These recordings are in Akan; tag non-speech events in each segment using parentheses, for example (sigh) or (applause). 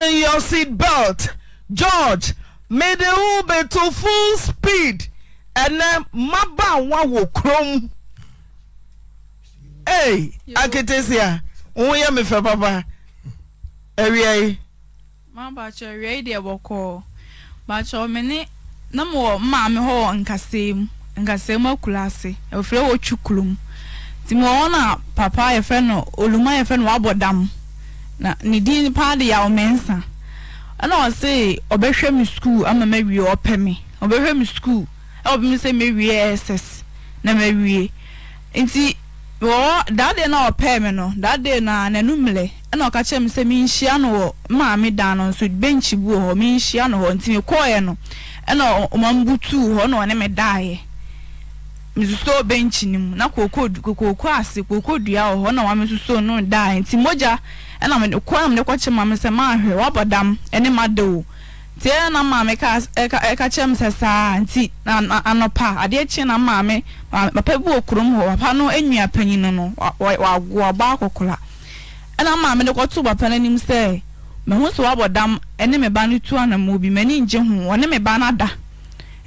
in your belt George, may the Uber to full speed. And then Maba will chrome. Hey, Akitesia, we are me for papa. Area. Maba, your radio will call. But your minute, no more, mammy, ho, and Kasim, and Kasim or Kulasi, a flow papa, a friend, Oluma, a friend, dam na ne din paa de yaw mensa ɛna ɔse ɔbɛhwɛ me skuul ama mawie ɔpɛ me ɔbɛhwɛ me skuul ɛwɔ bi sɛ mawie ss na mawie nti wɔ daade na ɔpɛ me no daade na n'anum lɛ ɛna ɔka kyerɛ me sɛ menhyia no wɔ maame dan no nso bu wɔ hɔ no nti no ɛna hɔ mesusuo bench no mu na koko kooko ase kooko dua wɔ hɔ na wame susuo no daa nti mogya ɛna mede kɔ na mede kɔkye maame sɛ maahwɛ wabɔ dam ɛne ma da o nti ɛna na maame ka ɛka kyerɛ me sɛ saa nti anɔpa adeɛ kye na maame papa bi wɔ kurom hɔ papa no enua panyin no wago ɔba akɔkora ɛna maame de kɔto papa n'anim sɛ mehu sɛ wabɔ dam ɛne me ba no tu anamoo bi m'ani ngye ho ɔne me ba no ada.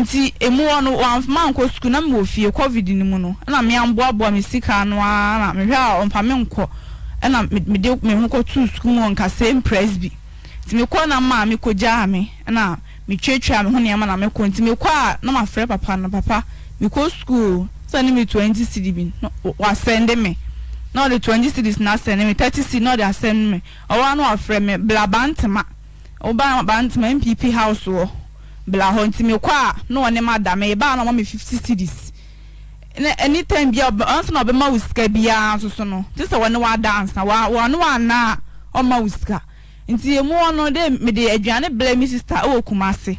nti emu hɔ no wamfama nkɔ sukuu na mewɔ fie covid no mu no ɛna meamboaboa me sika no ara na mehwɛ a ɔmpa me nkɔ ɛna mede me ho kɔtoo sukuu mu nkasa mpress bi nti mekɔ na ma mekɔgyaa me ɛna metwatwa me ho nneɛma na mekɔ nti mekɔ a na mafrɛ papa na papa mekɔ sukuu sɛ ne me twenty cd bi wasɛnde me na ɔde twenty cds na asɛnde me thirty cd na ɔde asɛnde me ɔwɔ ano wafrɛ me blabantema ɔbaa blabantema npp house wɔ. bla hɔ nti mi kɔ a na ɔne ma da mi ba na ɔma mi fifty cedis na anytime bia ɔnso na ɔbɛma wo sika biara nso so no te sɛ wɔne wa dance na wa wɔne wa na ɔma wo sika nti emu hɔ no de mi de aduane blɛ mi sista ɛwɔ kumase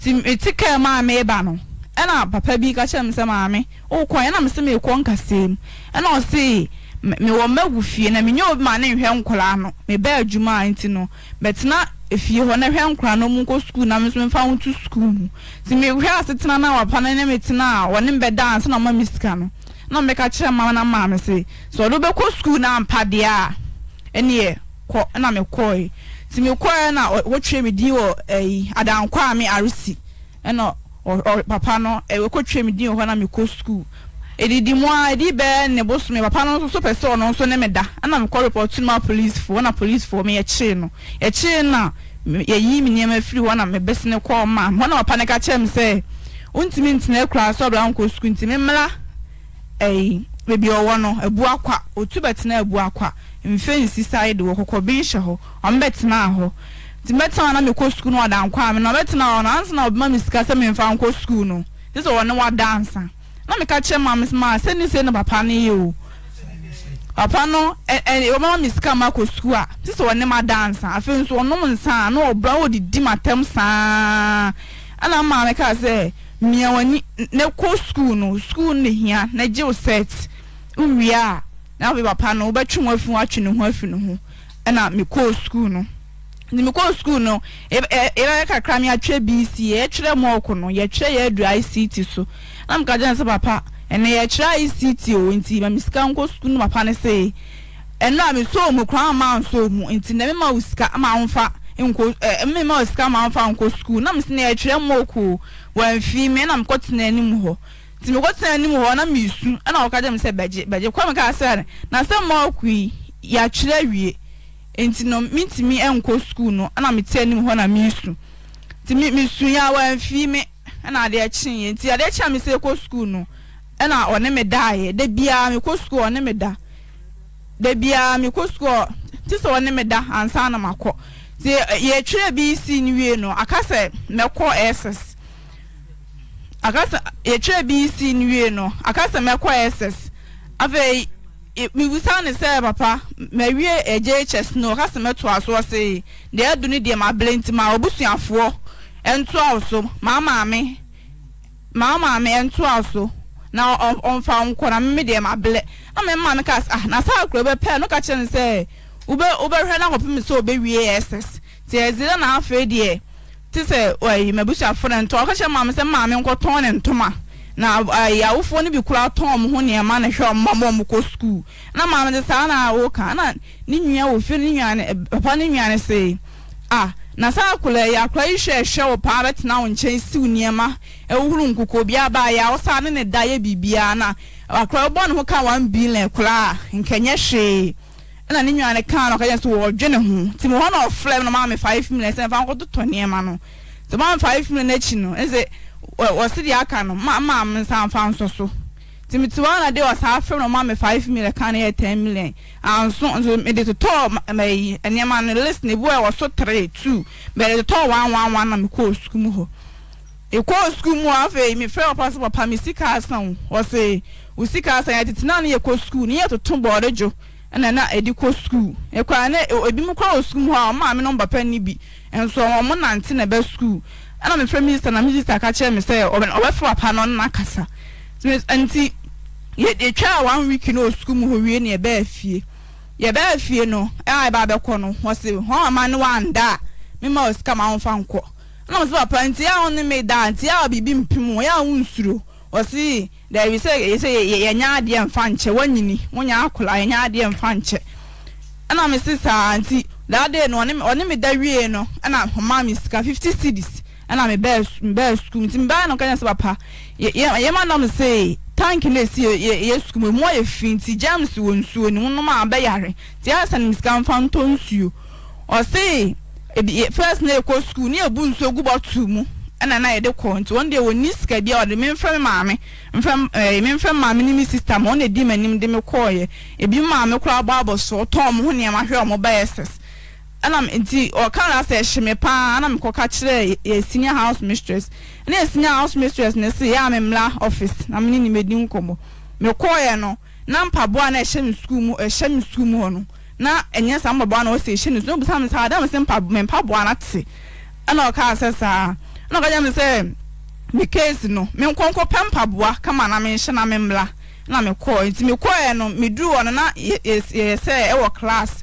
ti mi ti kaa maa mi ba no ɛna papa bi ka kyerɛ mi sɛ maame ɔkɔ ɛna mi sɛ mi kɔ nkasɛɛ mu ɛna ɔsi mi wɔ mɛgu fie na mi nye obi ma ne nhwɛ nkɔla ano mi bɛ adwuma nti no bɛtena efie hɔ na hwɛ nkora na ɔmo nkɔ sukuu na mo nso mfa ho to sukuu mu ti mi hwɛ asetena na wapa na ne mi tena a wɔne mi bɛ dance na ɔmo mi sika no na ɔmo bɛ ka kyerɛ maame na maame se sɛ ɔdo bɛ kɔ sukuu na mpa deɛ a ɛne yɛ kɔ ɛna mi kɔɛ ti mi kɔɛ na wɔtwe mi din wɔ ɛyi adankwa mi arisi ɛna ɔ papa no ɛwɔ kɔtwe mi din wɔ hɔ na mi kɔ sukuu edidi mu a edi bɛɛ ne bo so mi papa no nso pɛ sɛ ɔno nso ne mi da ɛna mi kɔ report ma polisifoɔ na polisifoɔ mi yɛkyee no yɛkyee na yɛyi mi nneɛma firi hɔ na mi bɛsi ne kɔɔ ma hɔ na papa ne ka kyerɛ mi sɛ ntumi ntina ekura asɔ ɔbɛn nkɔ sukuu ntumi mmla ɛyi beebi ɔwɔ no ebu akwa otu bɛtena ebu akwa mfe nsi saidi wɔ kɔkɔ bi nhyɛ hɔ ɔmo bɛtena hɔ nti bɛtena hɔ na mi kɔ sukuu no ɔda nkɔ ami na ɔbɛtena hɔ na ansa na ɔbɛma mi sika sɛ mi nfa nkɔ sukuu no sisi ɔwɔ ne wa dansa na meka kyerɛ maame ma sɛ ne sɛ no papa no yɛ o papa no ɔmama me sika ma kɔ sukuu a te sɛ ɔne ma dansa afei nso ɔnom nsa a na ɔbra ɔdidi matam saa ana maame kaa sɛ mmea w'ani kɔ sukuu no sukuu no hia na gye wo set wowie a na papa no wobɛtwe ho afi ho atwe ne ho afi ne ho ɛna mekɔɔ sukuu no nimikɔ sukuu no yɛbɛyɛ kakra mi atwa bc yɛtwerɛ mɔɔko no yɛtwerɛ yɛ adu ict so na mu ka gyɛn sɛ papa ɛnna yɛtwerɛ ict o nti maame sika nkɔ sukuu no papa ne se ɛnna mi so omu kura ama nso omu nti na mɛma o sika ama nfa nko ɛɛ mɛma o sika ama nfa nkɔ sukuu na mu si na yɛtwerɛ mɔɔko wɔn fi mi ɛnna mu kɔ tena anim hɔ nti mi kɔ tena anim hɔ na mi su ɛnna ɔka gyɛn sɛ bɛgye bɛgye kɔmi kaa sɛ na sɛ mɔɔko yi yɛatwerɛ wie nti no mintimi nkɔ sukuu no ɛna mete anim hɔ na misu nti misu ya wɔamfi me ɛna adeɛ kyeeɛ nti adeɛ kyea me sɛ kɔ sukuu no ɛna ɔne me daeɛ da biara mekɔ sukuu ɔne me da da biara mekɔ sukuu te sɛ ɔne me da ansa na makɔ nti eh, yɛtwerɛ bi si ni wie no aka sɛ mɛkɔ ss aka sɛ yɛtwerɛ bi si ni wie no aka sɛ mɛkɔ ss afei mewusa ne sɛ papa mawie agye hs no ɔka sɛ mɛtoa so ɔse deɛ adu ne deɛ mabrɛ nti ma ɔbusuafoɔ ɛntoa wo so maa maame maa maame ɛntoa so na ɔmfa nkɔ na meme deɛ mabrɛ ama mma me kaa ah na saa kuro bɛpɛ no ka kyerɛ ne sɛ wobɛhwɛ na kɔpem sɛ wobɛwie ss nti ɛzira na afei deɛ te sɛ mabusuafoɔ ne ntɔ ɔka kyerɛ maame sɛ maame nkɔtɔn ne ntoma na eh, awofoɔ no bi kora tɔn mo ho nneɛma na hwɛ ɔmo ma mo kɔ sukuu na maame de na ɔka na ne nua wɔ eh, papa ne nua a ah, na saa akora yi akora yi hwɛ ɛhwɛ wɔ paa bɛtena wɔn nkyɛn siw nneɛma nkukuo bi aba ne ne yɛ na akora bɔ ne ho ka one billion kora nkɛnyɛ na ɔka yɛ wɔɔdwe ne ho te hɔ na ɔfrɛ no maame five million sɛ wɔsi deɛ aka no ma ma mi nsa nfa nso so tìmìtì wa na de ɔsan afɛm na ɔma mi five million kan yɛ ten million anso nso mi de totɔ ɛyi nneɛma no list na ebi wɔ ɛwɔ so three two mɛ de totɔ one one one na mi kɔɔ sukuu mu hɔ ekɔɔ sukuu mu afei mi fɛ ɔpa so papa mi sika asan ɔsi o sika asan yɛ tete naa no yɛ kɔ sukuu ne yɛ toto bɔɔde dwo ɛna na ɛde kɔ sukuu ekura ne ebi mu kɔ wɔ sukuu mu hɔ a ɔmaa mi nɔmba pɛ ne bi nso ɔmo nante na ɛbɛ sukuu ɛna mefrɛ minister na minister ka kyerɛ me sɛ ɔbɛfa papa no na kasa nti yɛtwa a one week no ɔsukuu mu hɔ wie ne yɛbɛɛ fie yɛbɛɛ fie no ɛna yɛbɛ abɛkɔ no wɔse wɔn ama no wanda a mema osika ma wɔmfa nkɔ ɛna wɔsɛ papa nti a wɔn ne me da nti a biribi mpem wɔn yɛ a wɔn nsuro wɔsi dɛbi sɛ yɛsɛ yɛnya adeɛ mfa nkyɛ wɔnyini wɔnya akɔla yɛnya adeɛ mfa nkyɛ ɛna mesi saa nti daade no ɔne me da wie no ɛna ɔmaa mi sika fifty cedis n namɛ tank siskumɛiti gems ua m i n sa ie meɛ aemeɛ mame nstem mmeka s to mo o nemahɛ mobɛɛ ses nanti ɔkaɛsɛ eh, hye me paa na mekɔ ka kyerɛ yɛ senior house mistress na yɛ senir house mistress no sɛ ɛa me ma office name nɔmɔm me o meɔɔɛ mpaoammyɛ mamekɔɛ no med o na sɛ wɔ class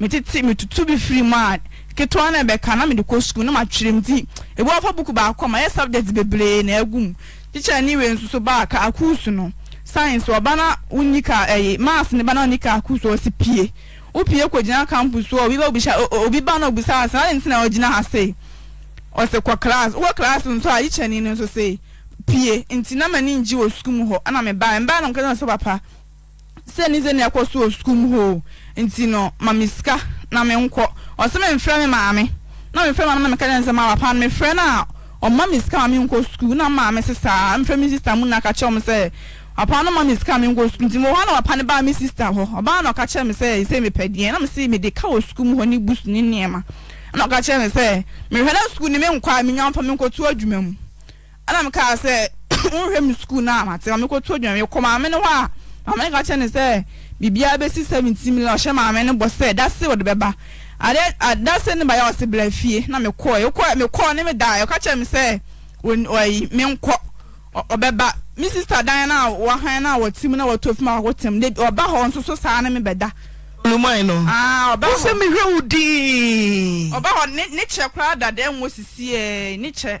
metete tutu bi firi mu a ketewa na bɛka na mede kɔ sukuu na matwerɛ mu ti ebi wɔfa buku baako a mayɛ subject bebree na egu mu teacher ni wei nso so baa ka akuusu no science ɔba na wonni ka ɛyɛ maths ne ba na wonni ka akuusu ɔsi pie wopie kɔgyina campus hɔ obi ba obi hyɛ obi ba na obisa ase na ne ntina ɔgyina ha sei ɔsɛ kɔ class wɔ class nso a teacher ni no nso sei pie nti na ma ni ngye wɔ sukuu mu hɔ ɛna me baa ba na nkɛtɛ na ɔsɛ papa. sɛ no sɛ nokɔ sɛ sku mhɛ ti no mamesika na me nkɔ ɔse memfrɛ meme m ɛa aɛ maame ka kyerɛ ne sɛ biribiara bɛsi seventeen million ɔhyɛ maame no bɔ sɛ dase wɔde bɛba ade adase ne ba yɛ ɔsi bla fie na me kɔɔ ekɔ me kɔɔ ne me da ɔka kyerɛ me sɛ ɔyi me nkɔ ɔbɛba me sista dan na wahan na wɔtim na wɔtɔ fim a wɔtɛm de ɔba hɔ nso so saa ne me bɛda. lumayi no ɔba hɔ ɔsɛ mi hwɛ wo diin. ɔba hɔ ne ne kyɛ koraa dada ɛnwo sisi ɛɛ ne kyɛ.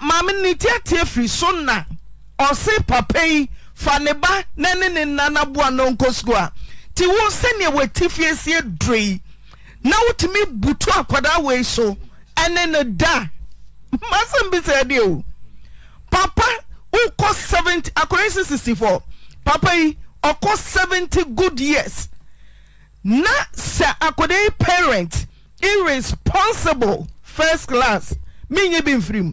maame ne tiatia firi so na ɔse papa yi fa ne ba na ne ne nna naboa no nkɔ sukuu a nti wo sɛnea wɔati fie sie duro yi na wotumi butu akwadaa wei so ɛne ne da (laughs) masɛm bi sɛ deɛ o papa wokɔ seventy akwadaa si sixty four papa yi ɔkɔ seventy good years na sɛ akwadaa yi parent irresponsible first class menye bi mfiri mu.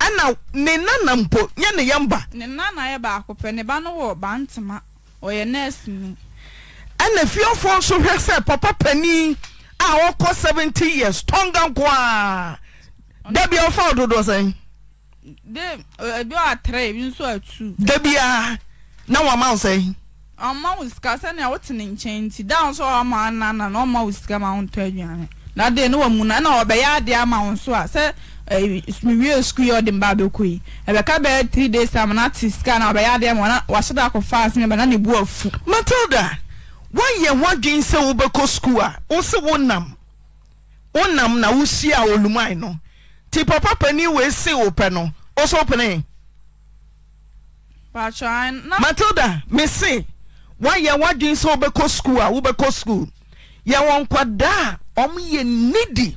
ana ne nana mpo nyɛ ne yɛ mba ne nana yɛ baako pɛ ne ba no wɔ bantama ɔyɛ nurse ni ɛna fiefoɔ nso hwɛ sɛ papa panyin a wɔkɔ seventy years tɔnga nko a dabi a wɔfa ɔdodoɔ sɛn. de ebi wɔ atere ebi nso atu. dabi a na wɔn ama sɛn. ɔma wo sika sɛnea wote ne nkyɛn nti da nso ɔma anana na ɔma wo sika ma wo aduane na de ne wɔ mu na na ɔbɛyɛ adeɛ ama wo nso a sɛ. mewie sukuu yi ɔde mba abɛkɔ yi ɛbɛka bɛyɛ three days time na ate sika na ɔbɛyɛ adeɛ ma ɔna wahyɛ da akɔfa ase mɛba na ne bu afu. matilda wayɛ wadwin sɛ wobɛkɔ sukuu a wosɛ wonam wonam na wosi a oluman no ti papa panin wee si wo pɛ no wosɛ wopene. Eh, matilda mesi wayɛ wadwin sɛ wobɛkɔ sukuu a wobɛkɔ sukuu yɛ wɔn nkwadaa a wɔn yɛ nidi.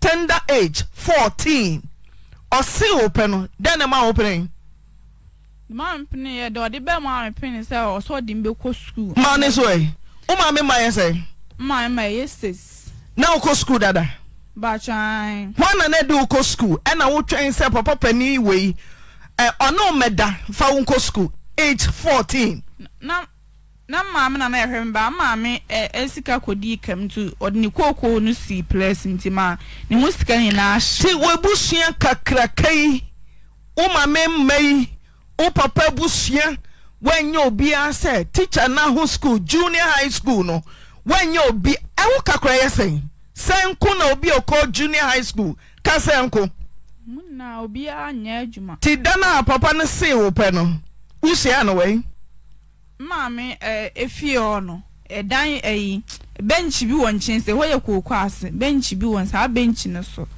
tender age fourteen ɔsi wopɛ no dɛn na maa wopɛ yi. maame pinni yɛ dɛ ɔde bɛɛ maame pinni sɛ ɔsɔ de mbɛ kɔ sukuu. maa ne so yɛ o maame maa yɛ sɛ. maa ma yɛ six. na okɔ sukuu dada. bàtàn. wọn nana de okɔ sukuu ɛna wotwɛn sɛ papa panin wei ɛ ɔno mɛda fa wo nkɔ sukuu age fourteen. na. ti wɔbusua kakraka yi woma me mma yi wopapa abusua woanyɛ obiara sɛ teache no ho schoul junior high schoul no wyɛ obi ɛwo ka korayɛ sɛn sɛ nko na obi ɔkɔ junior high schol ka sɛ nkonti da n apapa no see wo pɛ no wosieanwi maame eh, efie hɔ no ɛdan ɛyi bench bi wɔ nkyɛn sɛ hɔ yɛ kooko ase bench bi wɔ saa bench no so.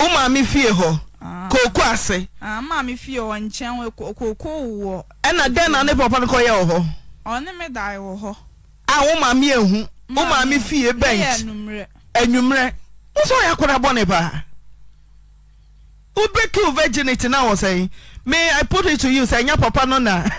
wo maame fie hɔ ah. kooko ase. Ah, maame fie hɔ nkyɛn kooko wɔ. ɛna dɛn na ne papa no kɔ yɛ wɔ hɔ. ɔne me dae wɔ hɔ. a wo maame ehu wo maame fie bench enumere nso yɛ akɔda bɔ ne paa ubi break your virginity na wɔ sɛ me i put it to you sɛ nya papa no na. (laughs)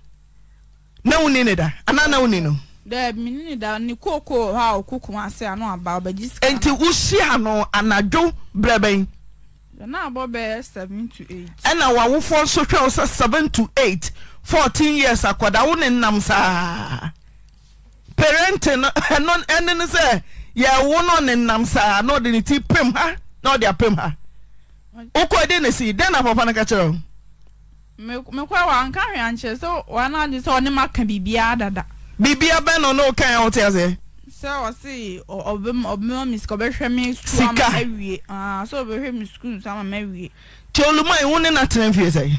na wo ni ne da anaa na wo ni no dɛbi ni ne da ne nti wosi ano anadwo brɛbɛn na abɔ seven to eight ɛna wawofo nso hwɛ wo sɛ seven to eight fourteen years akɔda wo ne nam saa parenti no (laughs) ɛno ɛne ne sɛ yɛwo no ne nam saa na ɔde ne ti pem ha na ɔde apem ha wokɔ de ne si dɛn na papa no ka kyerɛ wo birbia bɛnɔne kaawoeaskati oluma wo ne natea mfieseyana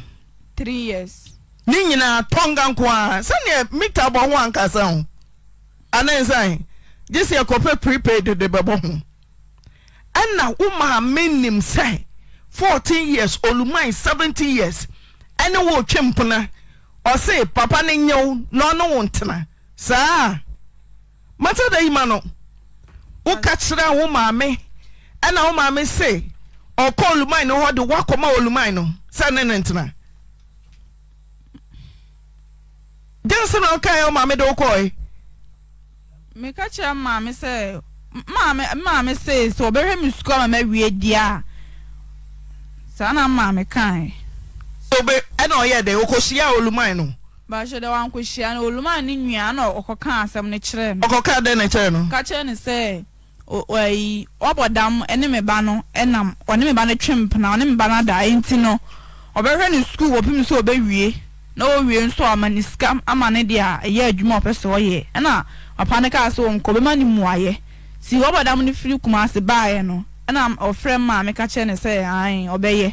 nk a sɛde meta bɔ ho ankasa ho ana sae gye sɛ ɛkɔpɛ prepa dede bɛbɔho ɛna wo maa menim sɛe f years oluma s years ɛne wɔ otwa mpona ɔse papa na ɔne wo ntena saa mata da yima no woka kyerɛ wo maame ɛna wo maame se ɔkɔ oluman no hɔ de woakɔma oluman no sɛ ne ne ntena na ɔkaeɛ wo maame de wokɔe meka kyerɛ maame saa na maame kae obe ɛna ɔyɛ dɛ okosia oluman no. baahyɛ dɛ wankosia no oluman ne nua na ɔkɔka asɛm no kyerɛ no. ɔkɔka dɛ ne kyerɛ no. ka kyerɛ ne sɛ ɔyi ɔbɔ dam ɛne me ba no ɛnam ɔne me ba no twem pena ɔne me ba e no no ɔbɛhwɛ ne sukuu wɔpem sɛ ɔbɛwie na ɔwie nso ama ne sika ama ne deɛ a ɛyɛ e adwuma ɔpɛ sɛ ɔyɛ ɛna papa ne kaa sɛ ɔnkɔ ɔbɛma ne mmuayɛ si ɔbɔ dam no firi kumase baeɛ no ɛna ɔfrɛ maame ka ne sɛ ae ɔbɛyɛ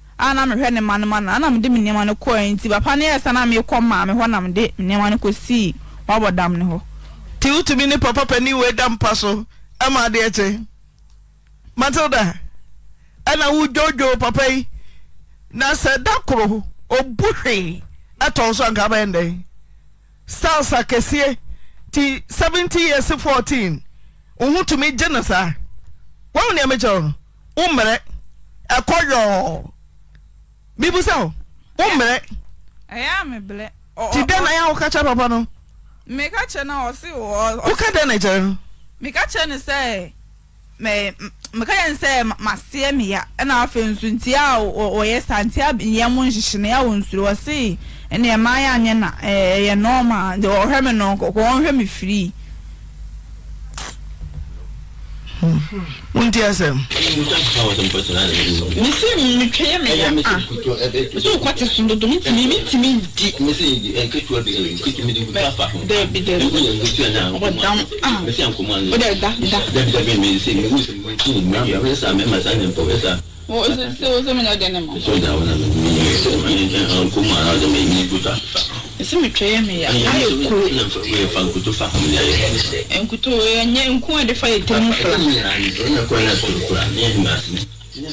ana na mehwɛ ne ma no ma no a mede me nneɛma no kɔɛ nti papa no yɛ sa na mekɔ maame hɔ na mede me nneɛma no kɔsii wabɔ dam papa pani wei da so adeɛ kye matilda ɛna papa yi na sɛ da koro ɔbu hwee so anka bɛn ti years fourteen tumi gye saa no ɛkɔ bibu sɛ wommerɛ ti dɛn na yɛ a woka kyɛ papa no woka dɛn na kyerɛ no meka kyerɛ no sɛ meka yɛ sɛ maseɛ meya ɛna afei nso nti a ɔyɛ sa nti a yɛ mo nhyehyeneɛ a wɔ nsuro ɔse ɛne ɛma yɛ anyɛ na ɛyɛ nɔɔma deɛ ɔhwɛ me no ɔhwɛ me firii wonti asɛm mesɛ metwɛyɛ meyɛ a so dodo metumi metumi di dabi dabi wodɛ ɛsɛ metwa yɛ meya ayɛ kue nkuto ɛnyɛ nko a de fa yɛ tɛmu fra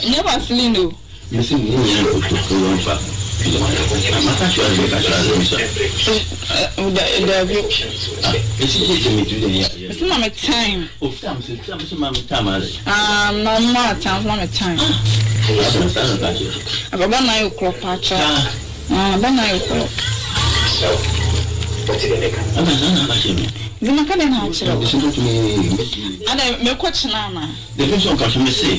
nyɛ vaseline o dabi mesi ma me time na ma time ma me time ababa na ayɛ korɔ pa akyɛ ababa na ayɛ korɔ kyerɛw bɛte dɛ meka nti meka dɛ na akyerɛw ana mekɔ kyena ana dabi sɛ ɔka so mese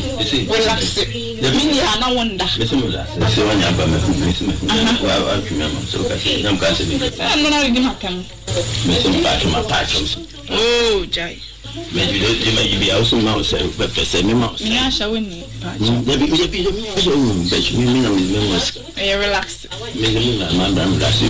wolapse menyaa na wo nda sɛ wanya aba mɛatwumi ama sɛ woka sɛ na mkaa sɛ bɛnona wodi matam mese mpaatwoma paatwom o gyae mɛdi do di ma yibi awo sun ma o sɛ pɛpɛ sɛ mi ma o sɛ. mi y'a sɛ o ni. yabi yabi yabi mi y'a sɛ o bɛ su mi mi na mi mɛ mɔ sika. ɛ relax. mi ni mi na ma da mi la si.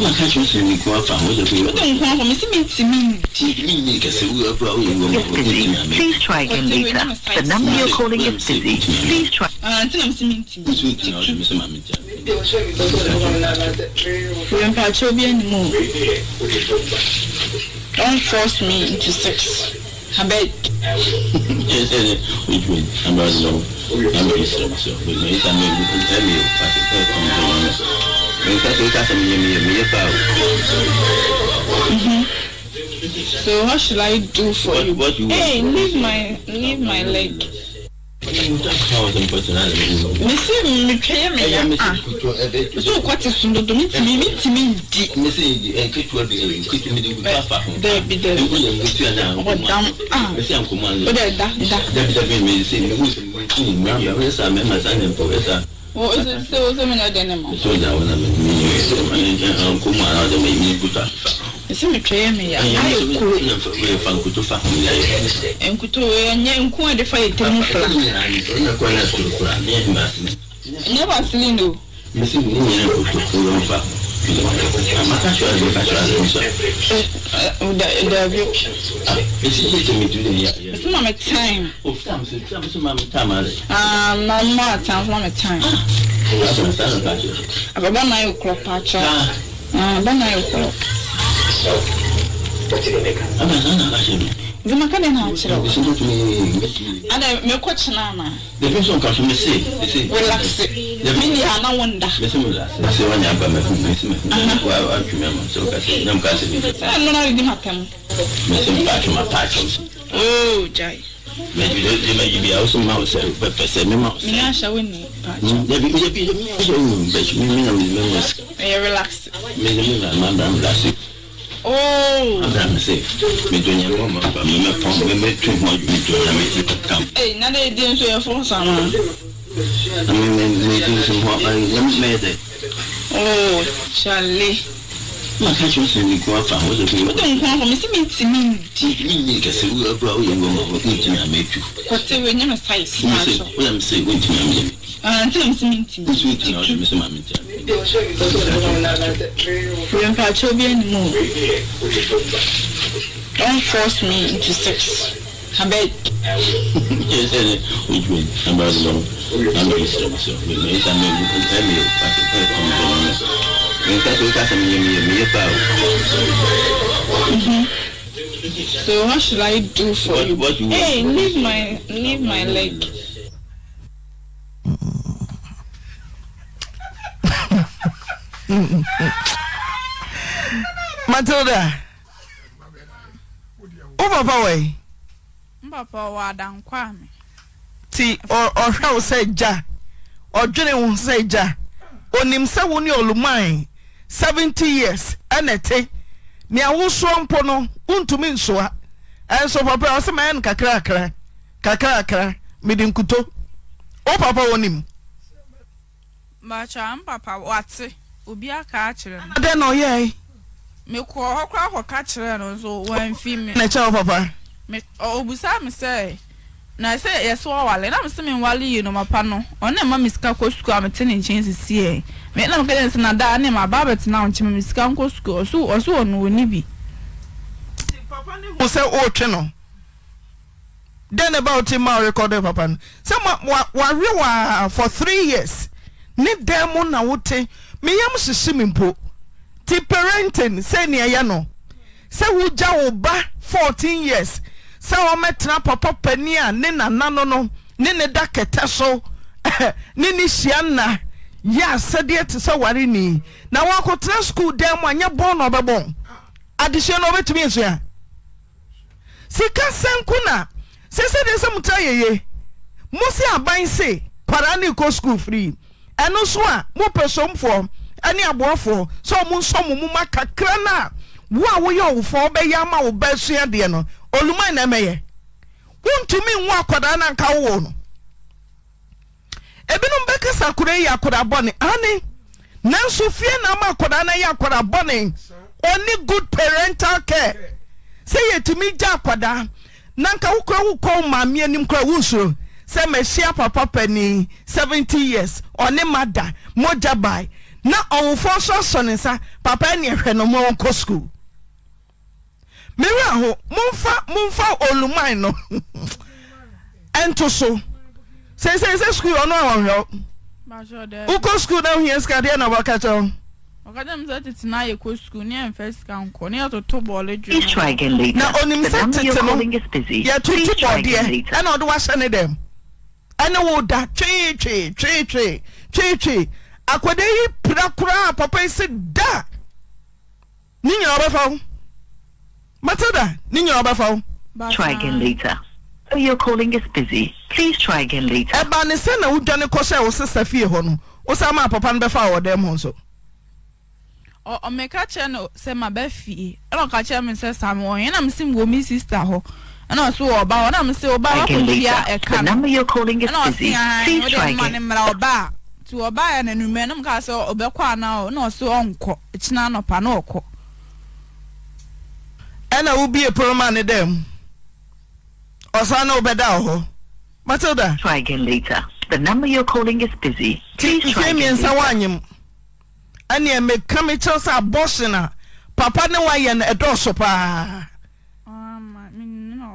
wọn aka kyerɛ sɛ niko afa ho sɛ woyɛ wodɛ nko ahome sɛ mentimi ntimi nyɛ kɛsɛ wo abu a woyɛ wɔ wotumi amɛmpakyɛ obi anim o don't force me into sex abeg I'm not sure. I'm not sure. I'm not sure. I'm not sure nka so nka sɛm yɛmeyɛ meyɛ saa o So what should I do for what, you? What you hey, want? leave my leave my leg. Mese metwɛyɛ me yam a so wokɔte sondodo metumi metumi di daabi dabiɔdam wodɛ da da sọjà wọn na ni yẹn dabi esu na mi time na mu atan na mi time ababa na ayo kuro pacho ababa na ayo kuro. Vima kane na achira wa? Sinto tu ni Ana meko china ana The person kafu mese Mese Relax Mini hana wanda Mese relax Mese wanya hapa meku Mese meku Kwa wa chumi ama Mese wakase Na mkase vile Sana nuna ridi mapemu Mese mkacho matacho Oh de mɛjibi awo sɔn ma sɛ pɛpɛsɛ mi ma sɛ. mi y'a sawe ni pàjɔ. yabi yabi yabi mi y'a sɔrɔ bɛsi mi mi na mi mɛ mɛ. ɛ relax. mi ni mi na ma Oh, mi se medo nyɛ lɔ ma ba mi mɛ pɔn mɛ mɛ tu hɔn do na mi ti tam. ee na de den so yɛ fɔ sama. ami mɛ mɛ den so hɔn ayi yɛm mɛ dɛ. ooo sale. ma ka sɔ sɛ nikun afa o de fi. o de nkun afɔ misi mi ti mi di. mi ni kasi o yɛ bɔ awo yɛ ŋgɔ ŋgɔ o ti mi a mɛ tu. kɔtɛ o yɛ nyɛ mi sa yi si ma sɔ. o yɛ mi se o ti mi a mɛ tu. Ah, Don't force me into sex. I So what should I do for what, you? What you hey, leave my leave my leg. atda wo papa wɔe nti ɔhwɛ wo sɛ gya ɔdwene wo sɛ gya onim sɛ wo ne olomuae s0 years nɛ te nea wosoɔ mpo no wontumi nsoa ɛnso papa a wo sɛmaɛ no kararakarakra medenkto wo ppa wonm bacha mpapa wate obi aka akyerɛ no adɛ na ɔyɛ mekɔ hɔ kora hɔ ka kyerɛ no nso wamfi me na kyɛ wo papa ɔbusa me sɛ na sɛ yɛsɛ wɔwale na mesɛ menwale yi no mapa no ɔne ma me sika kɔ sukuu a mete ne nkyɛn sisiɛ na meka dɛ sɛ na daa ne ma aba bɛtena wo nkyɛn me sika nkɔ sukuu ɔso wɔ no bi sɛ wotwe no dɛn ne ba wote ma worekɔdɔ papa no sɛ wawe wa for three years ne dan mu na wote meyam hyehye me mpo ti parentin sɛnea ya no sɛ wogya wo ba 14 years sɛ wɔmɛtena papa pani a ne nana no no ne ne da keta so (laughs) ne ne hyia nna yɛ asɛdeɛ te sɛ ware ni na wɔakɔtena school dan mu a nyɛ bɔn na ɔbɛbɔn adesua na ɔbɛtumi asua sika sɛnko na sɛ sɛdeɛ sɛ mutra yɛye mo se aban se kwara ne kɔ school free. ɛno so a mopɛsomfoɔ ne aboafoɔ sɛ ɔmo nsɔ mo moma kakra no a wo a woyɛ owofo wobɛyɛ ama wo ba suadeɛ no oluman na ɛmɛyɛ wontumi nwo akɔdaa no anka wowo no ebinom bɛka sa akodaa yɛ akodaa bɔne ane nanso fie na ama akwadaa no yɛ akɔdaa bɔne ɔne good parental care sɛ yɛtumi gya akɔdaa na nka wokora wokɔ wo maameanim koraa wonsuro sɛ mahyia papa panin seventy years ɔne mada mogya bae na ɔwofoɔ nso asɔ ne nsa papa ne ɛhwɛ no ma ɔnkɔ skuul mewura ho momfa momfa olumai no ɛnto (laughs) so seesei sɛ skuul ɔno a ɔhwɛ wokɔ skuul na wohia sika deɛ na wɔka kyɛ wo na onim sɛ tete no yɛtoto bɔdeɛ ɛna ɔde wahyɛ ne dɛm ɛne wo da twetwe twetwe twetwe akɔda yi pira koraa papa yi da ne nyina ɔbɛfa wo matilda ne try again later oh, your calling is Please try again later. Ɛba ne sɛ na wodwane kɔhyɛ wo sesa fie hɔ no wo papa no bɛfa wɔ dɛm ho ɔmeka kyerɛ no sɛ mabɛfie ɛna ɔka kyerɛ me sɛ ɛna ɔso wɔ ɔba hɔ na mo sɛ ɔba wakɔ bia ɛka no na ɔse ahan anyị mma ne mmara ọba a nti ɔba yɛ na mo kaa sɛ ɔbɛkɔ anaa ọ na ɔso ɔnkɔ ɛkyina anɔpa na ɔkɔ ɛna wobie poroma ne dɛm na wobɛda wɔ hɔ matilda try again later the ɛneɛ meka mekyerɛ sɛ abɔhye papa ne woayɛ no ɛdɔɔso paa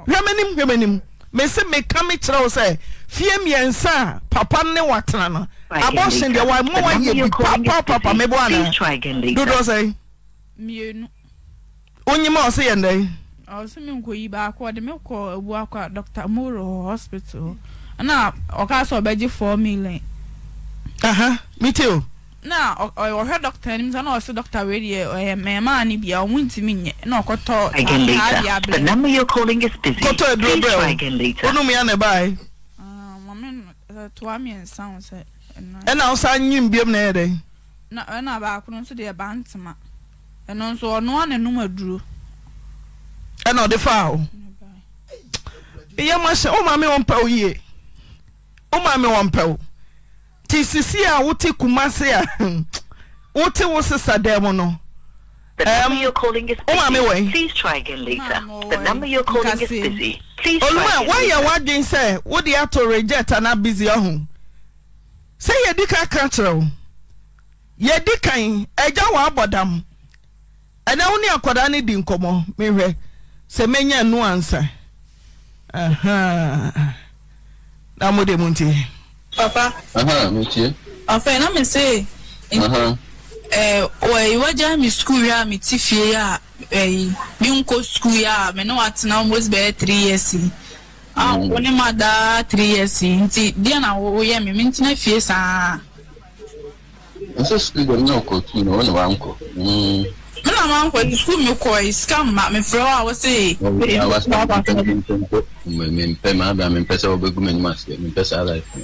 hwɛmanim hwɛmanim mese meka me kyerɛ wo sɛ fie mmiɛnsa a papa ne watena no abɔhye deɛ wa ma wayɛ bi papapapa mebɔ anaa dodoɔ sɛ mmienu onyim a ɔse yɛn dɛn ɔse me nkɔyi baako ɔde me kɔ abu a dr moro hospital na ɔka sɛ ɔbɛgye four million aha mete o nɔhɛ n s na ɔse ɛmma ah, n a ɔmo ti y natɔ aduo brɛ oɔnmyane bae ɛna wo sa yembiam na ɛyɛ dɛn ɛn ɔde fao yɛ mhyɛ oma me mpɛo yye oma mewmpɛo nti sisi a wote kumase a (laughs) wote wo sesa dan mu no woma me wɛn oluma woayɛ w'adwen sɛ have to reject and anaa busy say ɔho sɛ yɛdi ka ka kyerɛ wo yɛdi kan agya w'abɔ dam ɛnɛ wo ne akwadaa no di nkɔmmɔ mehwɛ sɛ menya no ansa na mode mu nti papa. afei na me se. wɔ iwagya mi sukuu yi a mi ti fie a ɛyi mi nkɔ sukuu yi a mi ne wa tena almost bɛyɛ three years yi a wɔn ne ma daa three years yi nti deɛ na wɔyɛ mi mi n tena fie saa. nso sukuu dɛm na ɔkɔ tu na wɔn na wɔn ankɔ. mi na ma nkɔ sukuu mi kɔ yi sika ma mi fura wa wɔsi. ɔwɔ awa sɛ mpɛ mpɛ mpɛ maa bɛ a mi mpɛ sɛ ɔbɛgu mi anim ase mi mpɛ sɛ ala yɛ fun.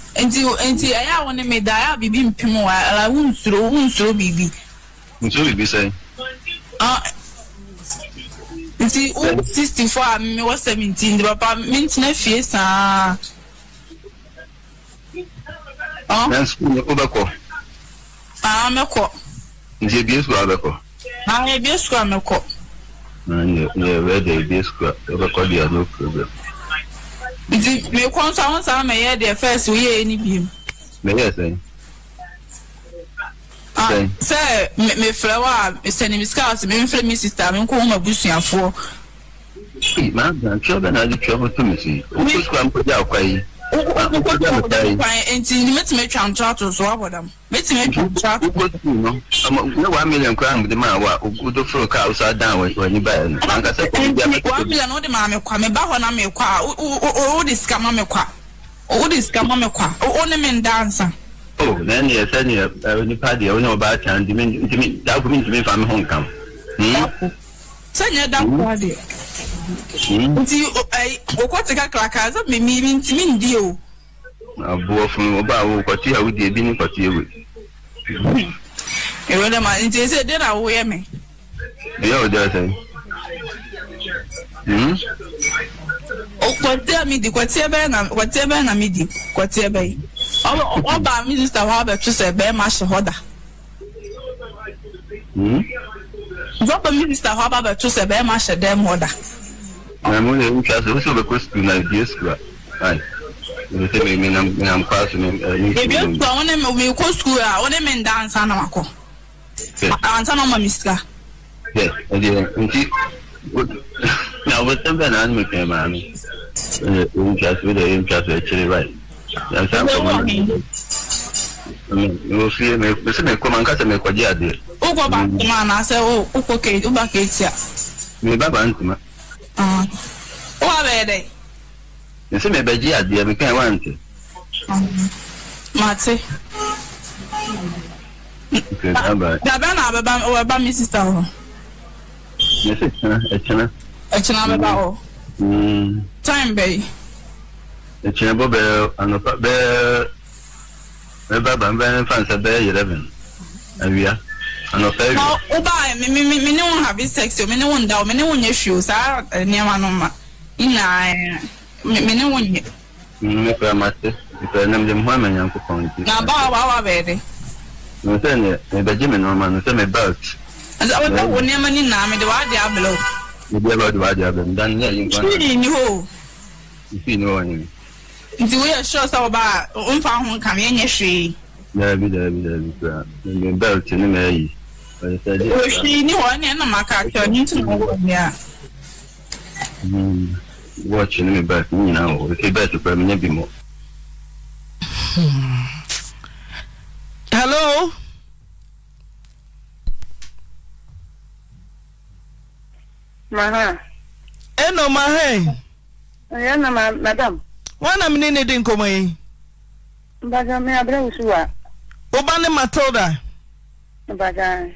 nti nti ɛyɛ awo ne mi da ɛyɛ bibi mpem wa ala wunsuro wunsuro bibi. nsuro bibi sɛ. nti wo sixty four a mi wɔ seventeen nti papa mi n tena fie saa. na sukuu wo bɛ kɔ. aa mɛ kɔ. nti ebien sukuu a bɛ kɔ. aa ebien sukuu a mɛ kɔ. na n yɛ n yɛ wɛ de ebien sukuu a bɛ kɔ di a no problem nti mekɔ nso ahon saa mɛyɛ deɛ fɛs woyɛ ni biem. mɛyɛ sɛn. sɛ mefrɛ wo a sɛne me memfrɛ me sister menkɔ ho mabusuafoɔ. maa bɛn twɛ bɛ na adi twɛ ho to me si wokɔ sukuu ampagya akwa yi nti mɛtumi atwa nto ato so wabɔ dam mɛtumi atwa nto ato. wokɔ sukuu no ne one million koraa mu de maa wo a wodɔ foro kaa wo saa dan w'ani baeɛ no ankasa kɔ bi a. one million wode maa mekɔ a meba hɔ na mekɔ a wode sika ma mekɔ a wode sika ma mekɔ a wo ne me nda ansa. o oh, na ɛne yɛ sɛneɛ nipa deɛ wone ɔbaa kyɛn ntumi ntumi daako mi ntumi nfa me ho nkam. Hmm? sɛnyɛ daako adeɛ. Hmm? nti okwati kakra kaza mmemmiri nti, ndi o. aboɔfo no ɔba awo kwati awo deɛ bi ne kwati ewe. ewe dɛ ma nti ese de na woyɛ mi. eya ɔdi ase. Hmm? kwati a mi di kwati ɛbɛyɛ na kwati ɛbɛyɛ na mi di kwati ɔba mi hɔ abɛto sɛ bɛrima hyɛ hɔ da. ɔba mi hɔ abɛto sɛ bɛrima hyɛ dɛm hɔ da. na mwenye mchasi usi ube school na ibiyesikwa hai niseme minamkwasu ibiyesikwa wane umiko siku ya wane menda ansana wako ansana wama misika yes ndiye nti na ubetembe na anime kwenye mami mchasi wede ye mchasi echele right ya mchasi wame ofie mesi mekoma nkasa mekwagye adeɛ wokɔ baakoma anaasɛ wokɔ wobakɛtia mebaba ntoma wo abɛyɛ dɛ ɛsɛ mebɛgye adeɛ meka ɛwa nte mate dabɛ na abɛba wɔba me sista hɔ ɛsɛ kyena ɛkyena ɛkyena bɛba hɔ time bɛyi ɛkyena bɔ bɛɛ anɔpa bɛɛ bɛba bɛmfa nsɛ bɛɛ yerɛ bɛn awia anɔpɛ na mi mi mi me ne wo have sex o me ne wo nda o me ne wo nyɛ hwee o saa eh, nneɛma no ma nyinaa eh, me ne wo nyɛ. mmekura ma se mpɛ nam de mmoa ma nyankopɔn nti. na ba wa wa bɛɛ de. n sɛ ne mebɛgye me nɔɔma n sɛ me belt. ɛsɛ wɔtɛ wo nneɛma ni naa mede wade abɛlɛ o. mede abɛlɛ de wade abɛlɛ mu dan ne yɛ yinkwa. fii ni hɔ. fii ni hɔ ni. nti woyɛ sure sɛ wɔba a mfa ho nka me nyɛ hwee. daabi daabi daabi kura belt ne ma ayi. ohini hɔ ne na maka kyɛ ɔne nti na ɔwɔ ne a wɔkye ne me bɛt ne nyinaa wɔ ɛfɛ bɛt kora menyɛ bi mɔ hello maha ɛnɔ maha ɛnɔ ma madam wana me ne ne di yi mbaga me abrɛ wo so a woba ne matilda mbaga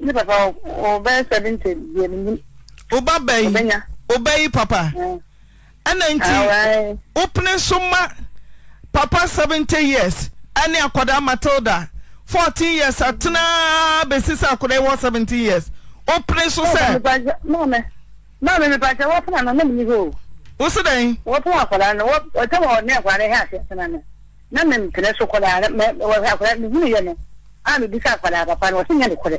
ne papa ɔbɛyɛ seventy deɛ ne nim. ɔba bɛyi ɔba yi papa eh. ɛna nti ɔpene ah, so ma papa seventy years ɛne akwadaa matilda fourteen years atena besi sɛ akwadaa yi wɔ seventy years ɔpene so sɛ. maame maame mi pàṣẹ wọ́n fún àná mi yíyó. o sì dẹ́yìn. wọ́n fún akwadaa náà wọ́n tẹ́ wọ́n ní akwadaa yẹn àti ẹ̀sìn náà náà mi mpene so kọ́da mẹ wọ́n akwadaa mi yíyó yẹn no a mi bí sẹ́ akwadaa papa náà wọ́n sì yẹn ní kọ́dẹ̀.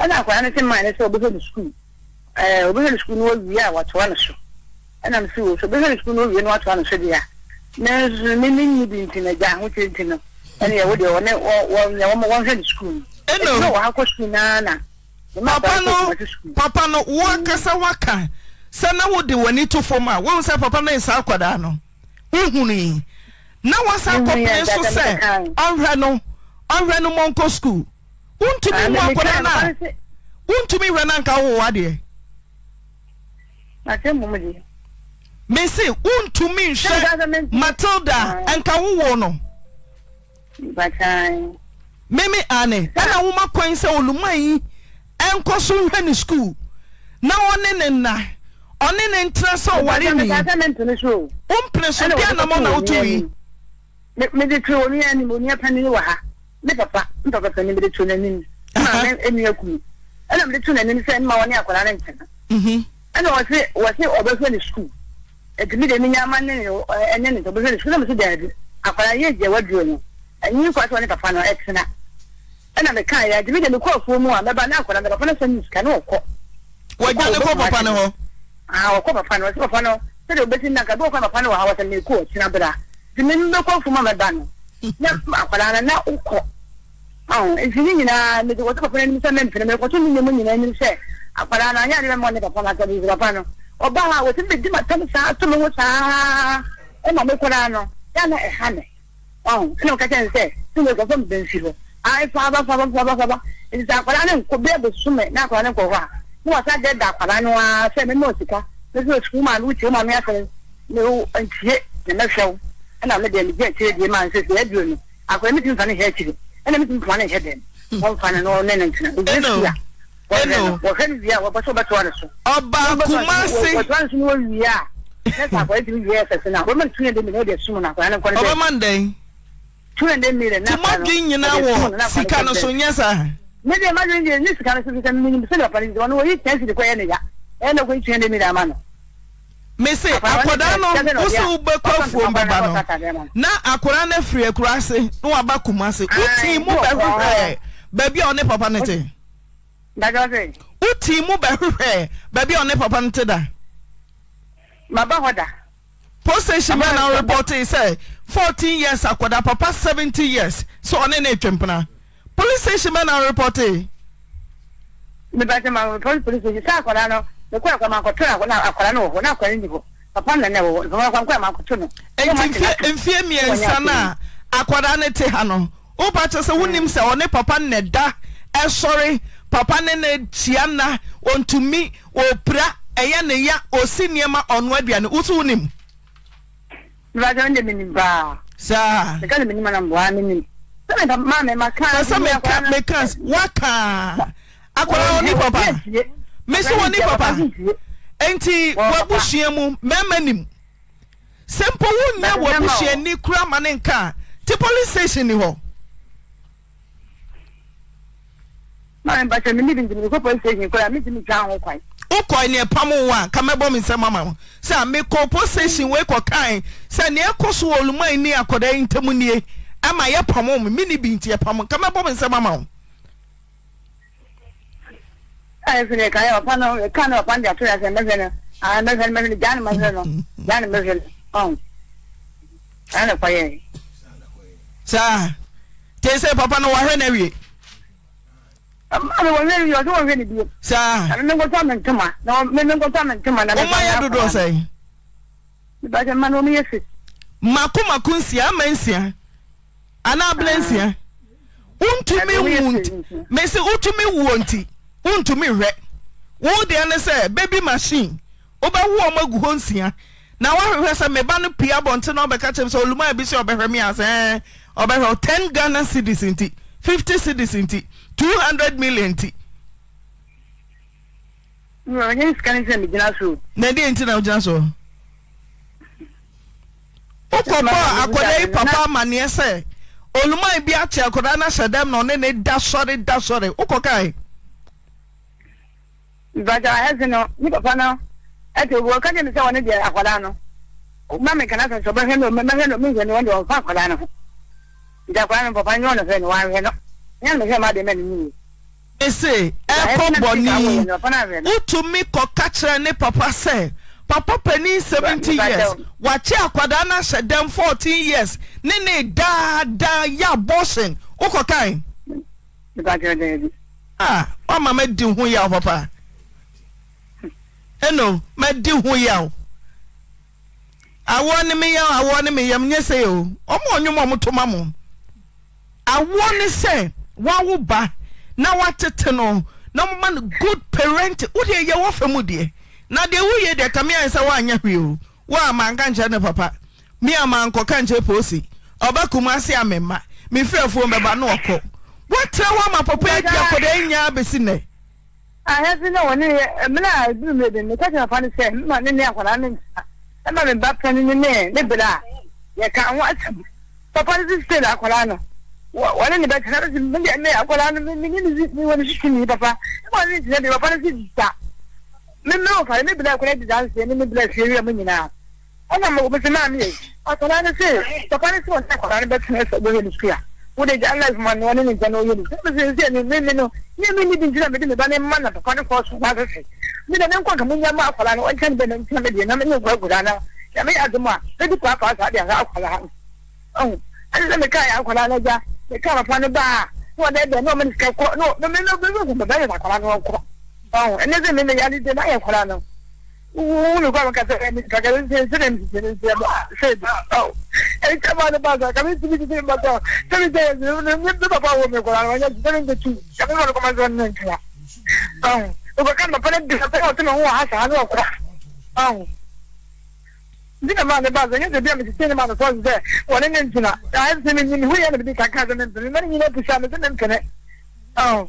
ɛna akwara no sɛ mmaa no sɛ ɔbɛhwɛ no sukuu ɛɛ ɔbɛhwɛ no sukuu no wawie a watoa no so ɛna mesi wɔ so ɔbɛhwɛ no sukuu no wawie no watoa no so deɛ nanso ne ne nyi bi nti na gya ho tiri nti no ɛna yɛwɔ deɛ wɔne wɔn wɔn wɔhwɛ no sukuu no ɛna ɛna wɔ ha sukuu naa na papa no papa no wakasa waka sɛ na wode w'ani to fam a wɔn sɛ papa no yɛ akwadaa no nhunu yi na wasa akɔpere so sɛ ɔhwɛ no ɔhwɛ no mɔnkɔ sukuu wontumi wu akwadaa no a wontumi na nka wowo adeɛ mese wontumi nhwɛ matilda nka wowo no meme ane ɛna woma kwan sɛ oluma yi ɛnkɔ so nhwɛ ne skuul na ɔne ne nna ɔne ne ntena sɛ ɔware ne wompene so deɛ anamɔ na wotu yi mede tiri onua nim onua pani wɔ ha ne papa ntɔkasa ni mede to n'anim maame emi akum ɛna mede to n'anim sɛ mma wɔne akwadaa ne nkyɛn mhm. ɛna wɔsi wɔsi ɔbɛfɛ ne sukuu ɛtumi de mi nyama ne ne ɛne ne ntɔbɛfɛ ne sukuu na mo so daabi akwadaa yɛ gya waduro no ɛnyi nkwa sɛ ɔne papa no ɛtena ɛna meka yɛ ɛtumi de mi kɔ afuo mu a mɛba ne akwadaa ne papa no sɛ ne sika ne wɔkɔ. wɔgya ne kɔ papa ne hɔ. aa wɔkɔ papa no wɔsi papa no sɛdeɛ obesi nanka bi wɔkɔ papa no wɔ ne kɔ ɔkyena bra no na akwadaa na na ụkọ nti ne nyinaa mede wɔte papa no anim sɛ mempene merekɔto ne nyamu nyinaa anim sɛ akwadaa no anyɛ ade bɛma ne papa no bibi papa no ɔba ha wɔtumi bɛdi matam saa to me ho saa ɛma mekɔraa no yɛ na ɛha me ɛna wɔka kyɛ ne sɛ sɛ mekɔ fam bɛmfi hɔ faaba faaba faaba faaba nti sɛ akwadaa no nkɔ bɛɛ bɛsu me na akwadaa no nkɔ hɔ a ne wɔsa ɛna mi deɛ mi akyire die maa nsɛ sɛ ɛduro hmm. no akɔyɛ mi ti ne hɛ akyire ɛna mi ti ne hɛ dɛm wɔnfa ne na ɔne ne ntina obi si wɔhwɛ ne wie a wɔbɔ sɛ wɔbɛtoa ne so ɔba kumasi wɔtoa ne so ne wɔwie a ne sɛ akɔyɛ ti wie ɛsɛ sɛ na wɔbɛma ne tu ne mi na ɔde sum na akɔyɛ ne nkɔ ɔbɛma ne tu ne mi de na akɔyɛ nyinaa wɔ sika no so nyɛ saa ne deɛ ma ne sika no so sɛ mi ni ɔpa ne sɛ ɔno wɔyi kyɛnsi de kɔyɛ ne ya ɛna kɔyi tu ne mi de ama no mese akwadaa no wosi wobɛkɔ afuom bɛba no na akwadaa no afiri akura ase na waba kuma ase wotii mu bɛhwehwɛ baabi a ɔne papa no te wotii mu bɛhwehwɛ baabi a ɔne papa no te da post station bɛɛ na repɔte sɛ fourteen years akwadaa papa seventy years so ɔne ne etwa mpena police station bɛɛ na repɔte. mibate ma police station sɛ akwadaa no mekɔ akɔ mankɔto akɔ na akɔla no wɔ hɔ na akɔla no wɔ papa na e na wɔ nkɔmɔ akɔ nkɔ mankɔto no. nti nfie mmiɛnsa na akɔla ne te ha no woba kyerɛ sɛ wonim sɛ ɔne papa na da ɛsɔre e papa ne ne tia na ɔntumi ɔpira ɛyɛ e ne ya osi nneɛma ɔno aduane wotu wonim. mbadɔ ne mi nim baa. saa. meka ne mi nim na mbɔa ne nim. sɛ meka maa mi ma kaa. sɛ meka meka wakaa akɔla ɔne papa mesi wɔ ne papa nti wabusua mu mmarima nim sɛ mpo wonnya wabusua ni kura ma ne nka te police station ni hɔ. wokɔe neɛ pam wo a ka mɛbɔ me nsɛm ama ho sɛ mekɔ po station wei kɔkae sɛ neɛ ɛkɔ so wɔ olumani akɔda ntamu nie ama yɛpam me mene bi nti yɛpam ka mɛbɔ me nsɛm ama ho sa tɛ sɛ papa no wahwɛ ne awiewomayɛ adodoɔsɛ mako mako nsia ama nsia ana abela nsia otumi wu mesi wotumi woɔnti wontumi hwɛ wodeɛ ne sɛ bɛbi ma cen wobɛhoɔ ma agu hɔ nsia na woahwehwɛ sɛ meba no pii abɔnteno ɔbɛka kym sɛ oluma bi sɛ ɔbɛw meas ɔbɛ10 ghana citisn nti 50 citisn nti 00 milin ni wokɔɔ akɔda yi papa manneɛ sɛ oluma bi akye akɔdaa no hyɛ dɛm na ɔne neda sɔresre ìbàjẹ́ ẹ̀sì nọ ní papa náà ẹ̀ tẹ̀ wọ kájẹ́ ní sẹ́ wọn jẹ àkọ́dá nọ má mi kàn sọ̀sọ̀ bẹ́ẹ̀ hẹ́n lọ bẹ́ẹ̀ hẹ́n lọ mí hẹ́n wọn lọ fún àkọ́dá nọ ìjà àkọ́dá nọ papa yóò nọ fẹ́ ni wọ́n hẹ́n nọ yẹn lọ fẹ́ má dé mẹ́rin nìyí. ese ẹ kọ bọ ni utumi kọ kakyere ne papa sẹ papa panin seventy years wakye akwadaa na ahyɛ dɛm fourteen years ne ne daadaa yɛ abortion wokɔ kan. ah wama ma di ho yɛ papa. ɛno madi ho yaw awoɔ ne meyaw awoɔ ne meyam nye sɛ o ɔma ɔnwom ɔmotoma mo awoɔ ne sɛ woawo ba na woatete no na moma no good parent wodeɛ yɛ wɔfa mu deɛ na deɛ woye deɛ ka meayɛ sɛ woanyɛ hwee o woa manka nkyerɛ ne papa me a mankɔka nkyerɛ poosi ɔbɛkum ase amemma mefrɛfuo mbɛba ne ɔkɔ woatra woama papa adi akɔda nyaa bɛsi nnɛ ahezi na wani mina ebi mi ebi mi kẹsàn afa ni sẹ mma ne ne akwara ne nsa ẹ mi ba pẹ ne ne ne bere a yẹ ka ahọ asem papa ne ti sẹ na akwara no wọn ne bẹ tẹ ne ti ne ne akwara no mi mi ne ne mi sisi mi papa ẹ ma ne ti sẹ de papa ne ti di sa mi mi o fari mi bere akwara di sa nsẹ ne mi bere fi ewia mu nyinaa ọ na mo sẹ maa mi yẹ ọtọ ne sẹ papa ne ti wọn sẹ akwara ne bẹ tẹ ne sẹ gbẹwẹ ne sukuu ya wọ́n de jẹ́ life man wọ́n ní nìkan náà ó yé mi sẹ́yìn sẹ́yìn ní mímí nù ní mímí níbi ntina mi di mi ba ní mma na papa ní kọ́ sùn wá fẹ́fẹ́ mi dẹ̀ ní nkọ́ kàmú nyẹ́ mọ́ akwara ní ọ̀nkyẹ́ni bẹ́ẹ̀ ní ntina mi di yẹn náà mi ní nkọ́ egwuru aná yà mi yà dùn mu a bẹ́ẹ̀ di kọ́ afa asa adi ha ọ̀hún ẹni sẹ́ mi ká yà akwara ní ẹja mi ká papa ní baa ní wọ́n dẹ́ bẹ́ẹ̀ ní ní ọmọ kama ne ba sa kami tibi tibi ba sa tibi tibi ne ne ne papa wo me ko la wanya tibi ne tu kami ko ko ma zo ne kila ah o ko kan ma pa ne bi sa ko to me ho ha sa no ko ah ndi na ma ne ba sa ne de bi me tibi ne ma ko zo de wo ne ne ntuna ai se ne ni hu ya ne bi ka ka ne ne ne ne ne ne ne ne ne ne ne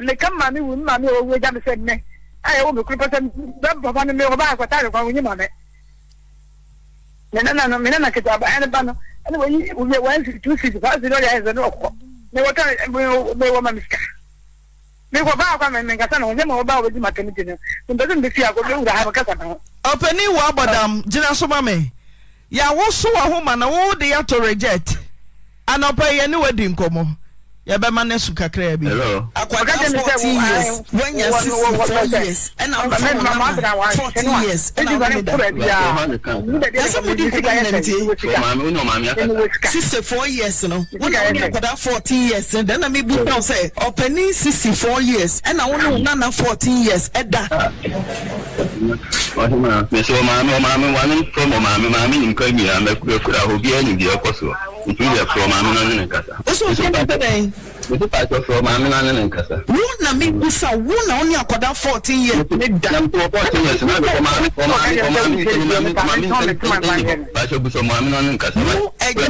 nka maame wu maame a owu egya mi sɛ nnɛ ayɛ wo mi kuru papa mi ɔba akɔta ayɛ kwan maame na kete aba ɛne ba no ɛne wɔyi wɔn tu fa ayɛ ne ɔkɔ ne wɔtɔ wɔ sika kɔ ba akɔ na ɔba a wɔdi ma tɛmi ti no mpɛsɛ mi fi akɔ mi wura ha kasa ho. ɔpɛni wɔ gyina so yà yɛbɛma no asu kakraa bi akwadafoɔtyearswanya 63years ɛna woyɛsɛ mode nkɔmnantie 64 years no wone wone akwadaa 14 years no dɛn na mebu tɛw sɛ ɔpani 64 years ɛna wone wo nana 14 years ɛda mesɛ ɔmaame ɔmaame wanem fam ɔmaame maame nyimka nyinaa mɛkura hɔ biaa nimdeɛ ɛkɔ soɔ nti yɛ frɔ maame na ne ne nkasa. o sọ fi ẹni pẹ bẹyì. nti paṣọ frɔ maame na ne ne nkasa. wọn na mi busa wọn na wọn ni akwadaa fourteen years ne da. na mpọ fourteen years na bẹ maame fọ maame fọ maame nsẹni maame maame nsẹni nsẹni yẹ paṣọ busa maame na ne nkasa. wọn ẹja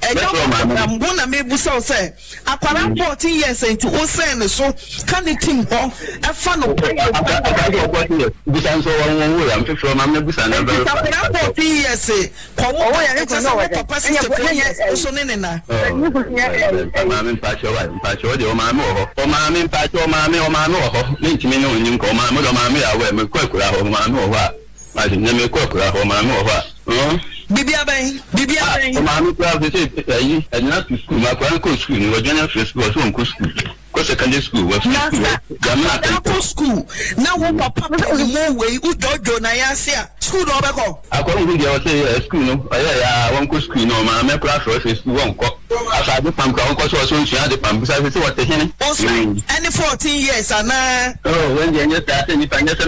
ẹja ọkọ wọn na mi busa ọsẹ akwadaa fourteen years nti o sẹ ne so ká ne ti nkọ ẹ fa no pẹlú. akwadaa fourteen years busa nsọ wọn wọn wúra nfẹfẹ maame busa náà bẹrẹ. akwadaa fourteen years kọ wọ wọ yẹn ní tẹsán wọn papa sí tẹpẹ yẹn nso ne nena. maame mpatsɛ wa mpatsɛ o de ɔmaame wɔ hɔ ɔmaame mpatsɛ ɔmaame ɔmaame wɔ hɔ ne ntumi ne onyi nkɔ ɔmaame dɛ ɔmaame yà wɔ ɛmɛ kɔ ekura hɔ ɔmaame wɔ hɔ a maame nyɛ mɛ kɔ ekura hɔ ɔmaame wɔ hɔ a. bibi abɛn bibi abɛn. ɔmaame kura sɛ sɛ ɛyi ɛdina sukuu mu akɔrɔ nkɔ sukuu ni wɔdwɛn afiri sukuu ɔsɛ wɔn kɔ secondary school wɔ school wɔ yamina akɔ akɔ school na wo papa wo mu wei wo jɔjɔ na ya se a school na ɔbɛ kɔ. akɔrɔ school no ɔyɛ ya wɔn kɔ school náà ɔmɔ amɛ kura sɔrɔ ɛfɛ school wɔn kɔ asa adi pam kura wɔn kɔ sɔ ɔsɔ nsu adi pam bisa ɛfɛ sɛ wɔtɛ hɛnɛ. o sɛ ɛni fourteen years ana. ɔ wɔn deɛ n yɛ sɛ nipa n yɛ size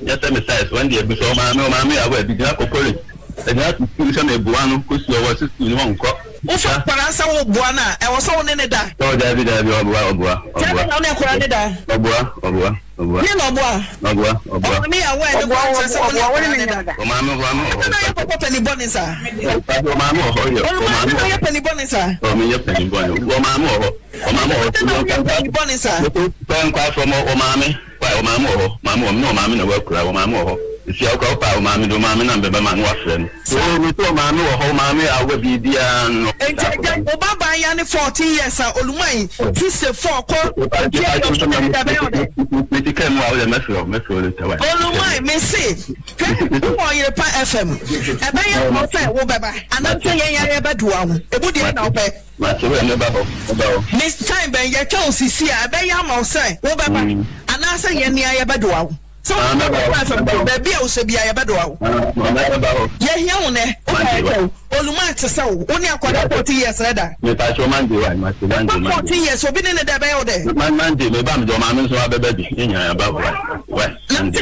n yɛ size wɔn deɛ bisa ɔmɔ amɛ ɔmɔ amɛ yà wɔ ɛbi gyina kɔ college ɛgyina sukuu sɛ mi bu wa no kó si ɔwɔ sukuu ni wɔn wofa kwara sa wo boa no a ɛwɔ sɛ wo ne ne da daabi daabi ɔboa ɔboa kyerɛ na wo ne akwara ne da ɔboa ɔboa ɔboa ne na ɔboa ɔboa ɔboa ɔne awɔ ɛne boa kyerɛ sɛ wo ne akwara ne da ɔmaame ɔmaame ɔhɔ ɛna yɛ pɔpɔ pɛni bɔ ne sa ɔmaame ɔhɔ yɛ ɔmaame ɔhɔ yɛ pɛni bɔ ne sa ɔmenyɛ pɛni bɔ ne ɔmaame ɔhɔ ɔmaame ɔhɔ pɛni bɔ ne sa pɛnkɔ afɔ ɔmaame ɔmaame ɔhɔ ɔmaame ɔhɔ ɔmaame na wakura ɔmaame ɔhɔ si akɔ pa o maame do maame na bɛbɛ maame wa srɛ no. o mi tɔ maame wɔ hɔ maame awɔ bi di yan nɔ. nti nti o ba ban ya ni fourteen years a oluma yi ti se fɔ ko diɛ yɔ fún mi dabe yɔ dɛ. mi ti kɛ mu awo dɛ mɛ sɔrɔ mɛ sɔrɔ de tɛ wa. oluma yi mi se kɛ nkɔ yiri pa fm ɛbɛ yɛ kɔ fɛ wo bɛ ba anamtɛ yɛn yɛrɛ bɛ du awon ebu diɛ na ɔbɛ. maa sɛ wɛrɛ ne ba hɔ ne ba hɔ. miss yɛ kɛ osisi a ɛbɛ yɛ ama ɔsɛ wo bɛ ba anaasɛ yɛn ni ayɛ bɛ du awon sọ wọn bẹ bọ asọm tó bẹẹbi a ọsẹ bi a yẹ bẹ dọ awo yẹ hiẹ wọn nẹ o ka ẹ tẹ o olùmọ àti sẹ o o ní akọdà fourteen years rẹ da. nípa sọ mande wa ma se mande mande. fourteen years obi ní ne dẹ bẹyẹ o dẹ. mande mi bá mi jọ maa mi sọ abẹbẹ bi n yàn yàn bá wà wà.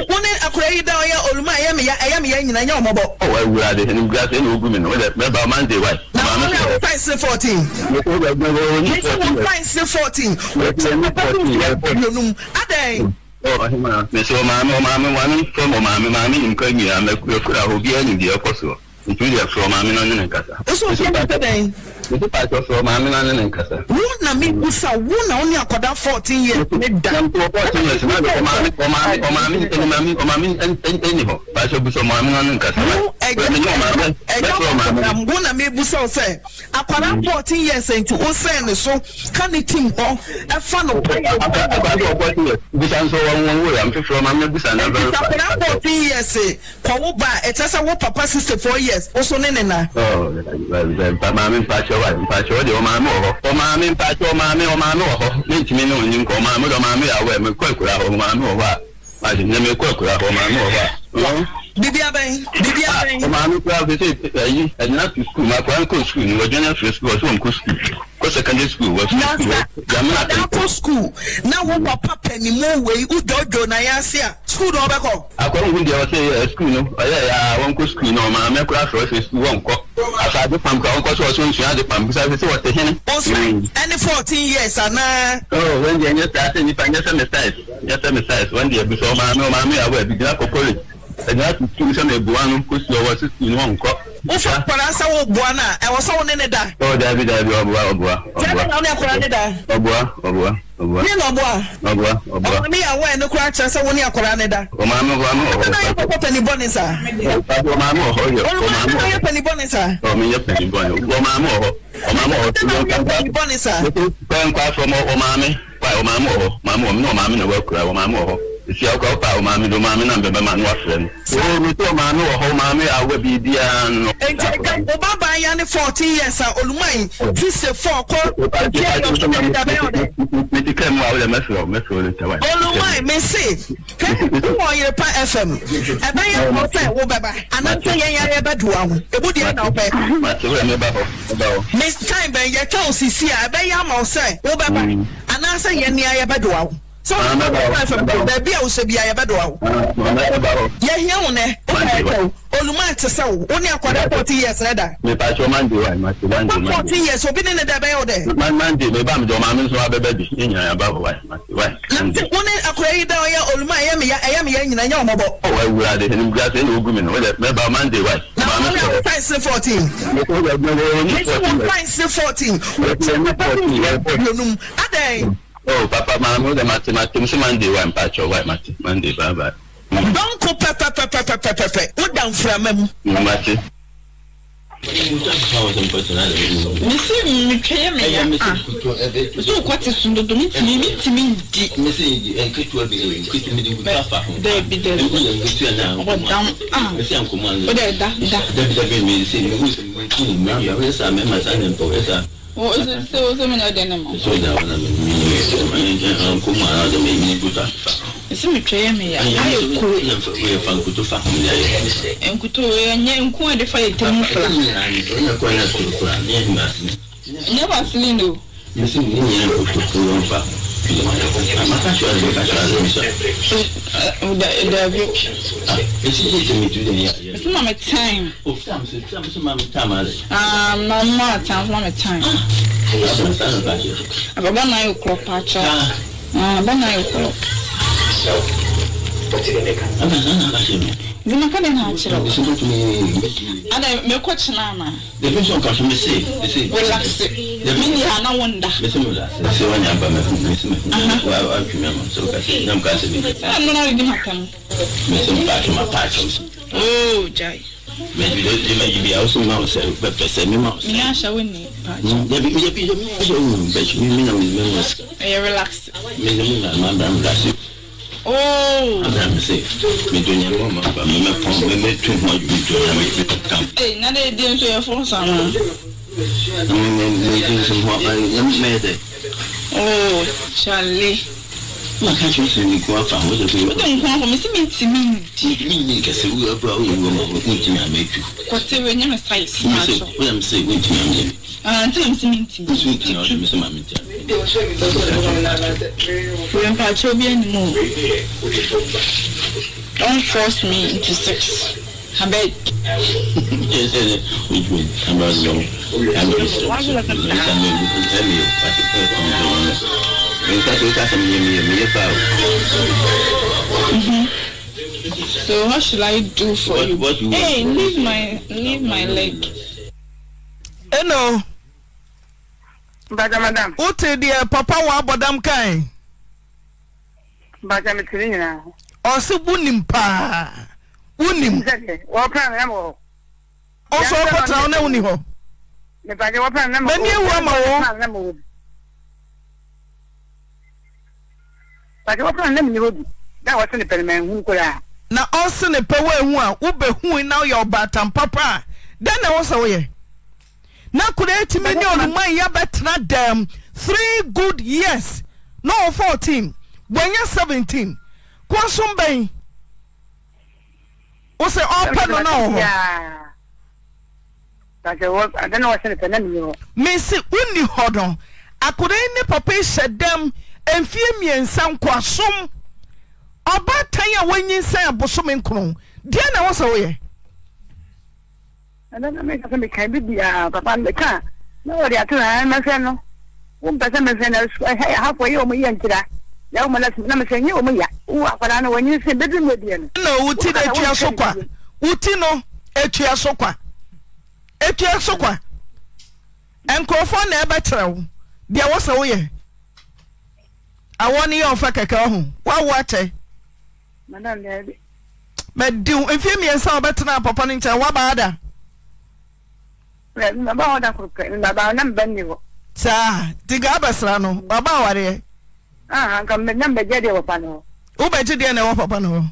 wọn ní akọrọ yìí dá ọyẹ olùmọ ẹyẹ mi yá ẹyẹ mi yá nyina ẹyẹ ọmọ bọ. ọwọ ewu ade ẹni gbé ase ẹni ogun mi nù ọdẹ mẹ bá mande wa. na wọn náà wọn fain sí fourteen. wọn fain sí fourteen. wọn fain sí fourteen. adẹ maame maame wane fam maame maame nyimka nyinaa mɛkura hɔ obiara ne deɛ ɛkɔ soɔ ntumi yɛ fɔ maame na ne ne nkasa. esu ɔfɔ mi pɛ bɛn. nti paaki ɔfɔ maame na ne ne nkasa. wo na mi busa wo na wo ni akɔda fourteen years ne da. ne mpɔ fourteen years na bɛ ɔmaami ɔmaami ɔmaami ɔmaami ɔmaami ɛni hɔ paaki ɔbusa maame na ne nkasa. ɛgya ɛgya wo na mi busa ɔsɛ akɔda fourteen years nti o sɛn ne so ka ne ti hɔ ɛfa no pa yɛ wɔ. akɔda fourteen years busa nso wɔn wɔn wo yam fifiri ɔmaami busa na years o so ne nena. maame mpatsɛ wa mpatsɛ o de o maame wɔ hɔ o maame mpatsɛ o maame o maame wɔ hɔ ne ntumi ne onyi nkɔ o maame o maame yà wɔ ɛmɛ kɔ ekura hɔ o maame wɔ hɔ a maame kɔ ekura hɔ o maame wɔ hɔ a bíbí abẹ́yìn bíbí ah, abẹ́yìn. ọmọ àmì kura fi ṣe ẹyin láti skul máa kọ́ ẹ̀ńkọ́ skul ni wọ́n junior free school ọ̀ṣun kó skul kó secondary school wọ́n skul wọ́n jàmínà tẹ̀. ọ̀dà kó skul náà wọ́n wọ pápẹ́ ni mo wé ojoojo náà yá sí à skul náà ọbẹ̀ kọ́ àṣàdé pàmùkà hmm. fourteen years àná. ọ̀ di ẹ̀yẹ́ sẹ́ àti ɛnyɛ tuntum sɛ na ebua no kosi ɔwɔ sisi ni wɔn nkɔ. wofa nkwadaa sɛ wo bua no a ɛwɔ sɛ wo ne ne da. ɔwɔ daabi daabi ɔbua ɔbua. jɛnɛ na ɔne akwadaa ne da. ɔbua ɔbua ɔbua. mi na ɔbua. ɔbua ɔbua. ɔmo mi yà wọ ɛnu kura kyerɛ sɛ wo ne akwadaa ne da. ɔmaami ɔmaami ɔhɔ. ɔtɔ n'ayɛ kɔkɔ pɛni bɔ ne sa. ɔmaami ɔhɔ yɛ ɔmaami ɔhɔ. ɔyɛ pɛni bɔ ne sa. ɔmi yɛ pɛni bɔ ne ɔmaami ɔhɔ. ɔmaami ɔhɔ. ɔmaami ɔhɔ. ɔmaami ɔhɔ si akwa ọpa ọmaami do maami na mbẹbẹ maami wa fẹ mi. o mi tó maami wọ hɔ maami awọ bi di a nọ. nti nka o ya ni fourteen years a olumọ yin oh. ti se fọ ko ojú ẹ yọ kí mi ti kẹ́ mu awolẹ̀ mẹ́sìrọ̀ mẹ́sìrọ̀ ní tẹ́wà. olumọ yin mi se kẹ́kẹ́ wọ yẹpa fm ẹ bá yẹ kọ́ fẹ́ wo bẹ́ẹ̀ bá anantẹ yẹn yẹn bẹ dùn àwọn ebu diẹ náà bẹ. mi sọ wọn bá bá wọn fẹm kó bẹẹbi a wosẹ bi a yẹ bẹ dọwọ. yẹ hiẹ wọn nẹ o bá yẹ kẹw olùmọ àti sẹwọ o ní akwadaa forty years rẹ da. mi pa so mandi wa ma ti mandi mandi. forty years obi ni ne da bẹyẹ o dẹ. mandi mi bá mi jọ maa mi sọ abẹbẹ bi n yàn yàn bá wọ wa ma ti wa. nti wọn ní akwadaa yìí dá ọ yẹ olùmọ ẹyẹ mi yẹ ẹyẹ mi yẹ nyina ẹyẹ ọmọ bọ. ọwọ ewura de ẹni wura sẹ ẹni ogun mi nù ọjọ mẹ bá mandi wa. na wọn ní wọn fain sí fourteen. wọn fain sí fourteen. wọn ti wọn fain sí fourteen oh papa maa mi dẹ maa ti maa ti mi sẹ maa n de wa mpa atwa wa ma ti maa n de bye bye. dɔnko pɛpɛpɛpɛpɛpɛ o da nfurama mu. mama ti. mesi metwa yɛ meya so wokɔ te so dodo metumi metumi ndidaabi dam wodɛ da da sɛmina ɔdɛ ne mɔ ɛsɛ metwa yɛ meyɛ ayɛ kuro nkuto ɛnyɛ nko a de fa yɛ tam fra nyɛ vaseline o dabi fúnra mi time. o fúnra mi sọ fúnra mi sọ máa mi time alẹ. aa màá mú àtàn fúnra mi time. àbàbà náà yóò kúrọ pàtó. àbàbà náà yóò kúrọ. Zima ka de na akyerɛ wo. Ada mekɔ kyena ana. Dabi nso nka so me se. Relaxe. Dabi ni ha na wonda. Me se mo da. Se wanya ba me fu me se me fu. Wa wa tweme ma so ka se. Nam ka se bi. Ana na di matam. Me se mo ka so ma pa so. Oh, Jai. Maybe they may be also mouse, but the same mouse. Yeah, shall we need? No, there be a bit of me, but you mean I'm in the mask. Are relaxed? Maybe I'm not relaxed. Oh, I'm safe. Me doing a woman, but me not from me made too much with your Hey, now they didn't say a phone, sir. I'm making some what I'm made. Oh, Charlie wọn aka kyerɛ sɛ nniku afa ho sɛ sɛwodɛ nkoafo me sɛ mentimi ntimi kɛsɛ wowa bra woyɛwu ma wontimi amatu kɔtɛwɛ nyɛ me saesɛwodam sɛ wontimi amyɛ ntɛm sɛ mentimwotimi sɛ mamenti mpakyɛ obi anim don't force me into sex abeg Abazon, Abazon, Abazon, Abazon, Abazon, Abazon, Abazon, Abazon, Abazon, Abazon, Abazon, Abazon, nka so nka sɛm yɛmiyɛ meyɛ paa o So what should I do for what, you? What you hey, leave my leave my leg. Eno, Baja madam. Wote deɛ uh, papa wa abɔdam kan. Baja mi tiri nyinaa. Ɔsi wunim paa. Wunim. Wɔpɛn na mɔ. Ɔsɔ ɔkɔtara ɔna wuni hɔ. Mipagye wɔpɛn na mɔ. Mɛni ewu ama wɔ. na ɔse ne pɛ woahu a wobɛhui na woyɛ ɔbaatam papa a dɛn nɛ wo sɛ woyɛ na koda atumi ne onuma yɛbɛtena dɛm the good years na ɔwɔ 14 banyɛ 7 ko som bɛn wo sɛ ɔpɛ no no wo hɔ mesi wonni hɔ no akodai nepɔpɔ hyɛ dɛm mfie mmiɛnsa nkwasom ɔbaatan a wɔnyinsɛn abosome nkron deɛ na wɔsɛ woyɛ na meka sɛ mekae bi bia papa na wɔde ato na mɛhwɛ no wompɛ sɛ mɛhwɛ no na woma na mesɛ nyɛ ɔmya wo akwadaa no wɔnyinsɛn bɛdi mu na woti no atua so kwa woti no atua so kwa atua so kwa nkurɔfoɔ na ɛbɛkyerɛ wo deɛ wɔsɛ woyɛ awɔ ne yɛ ɔfa kɛkɛ ho woawo akyɛ madi wo mfie mmiɛnsa wɔbɛtena papa no nkyɛn woabaa da saa nti ga abɛsra no waba awareɛ wobɛgye deɛ na ɛwɔ papa no hɔ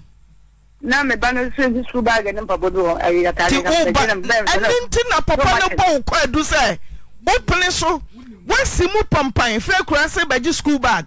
na meba no so nsi sukuu baage ne mpaboa bi wɔ ayi ataade na mbɛn mbɛn ɛne nti na papa no bɔ wokɔ adu sɛ wopene so wasi mu pampan fɛ kura sɛ bɛgye sukuu baage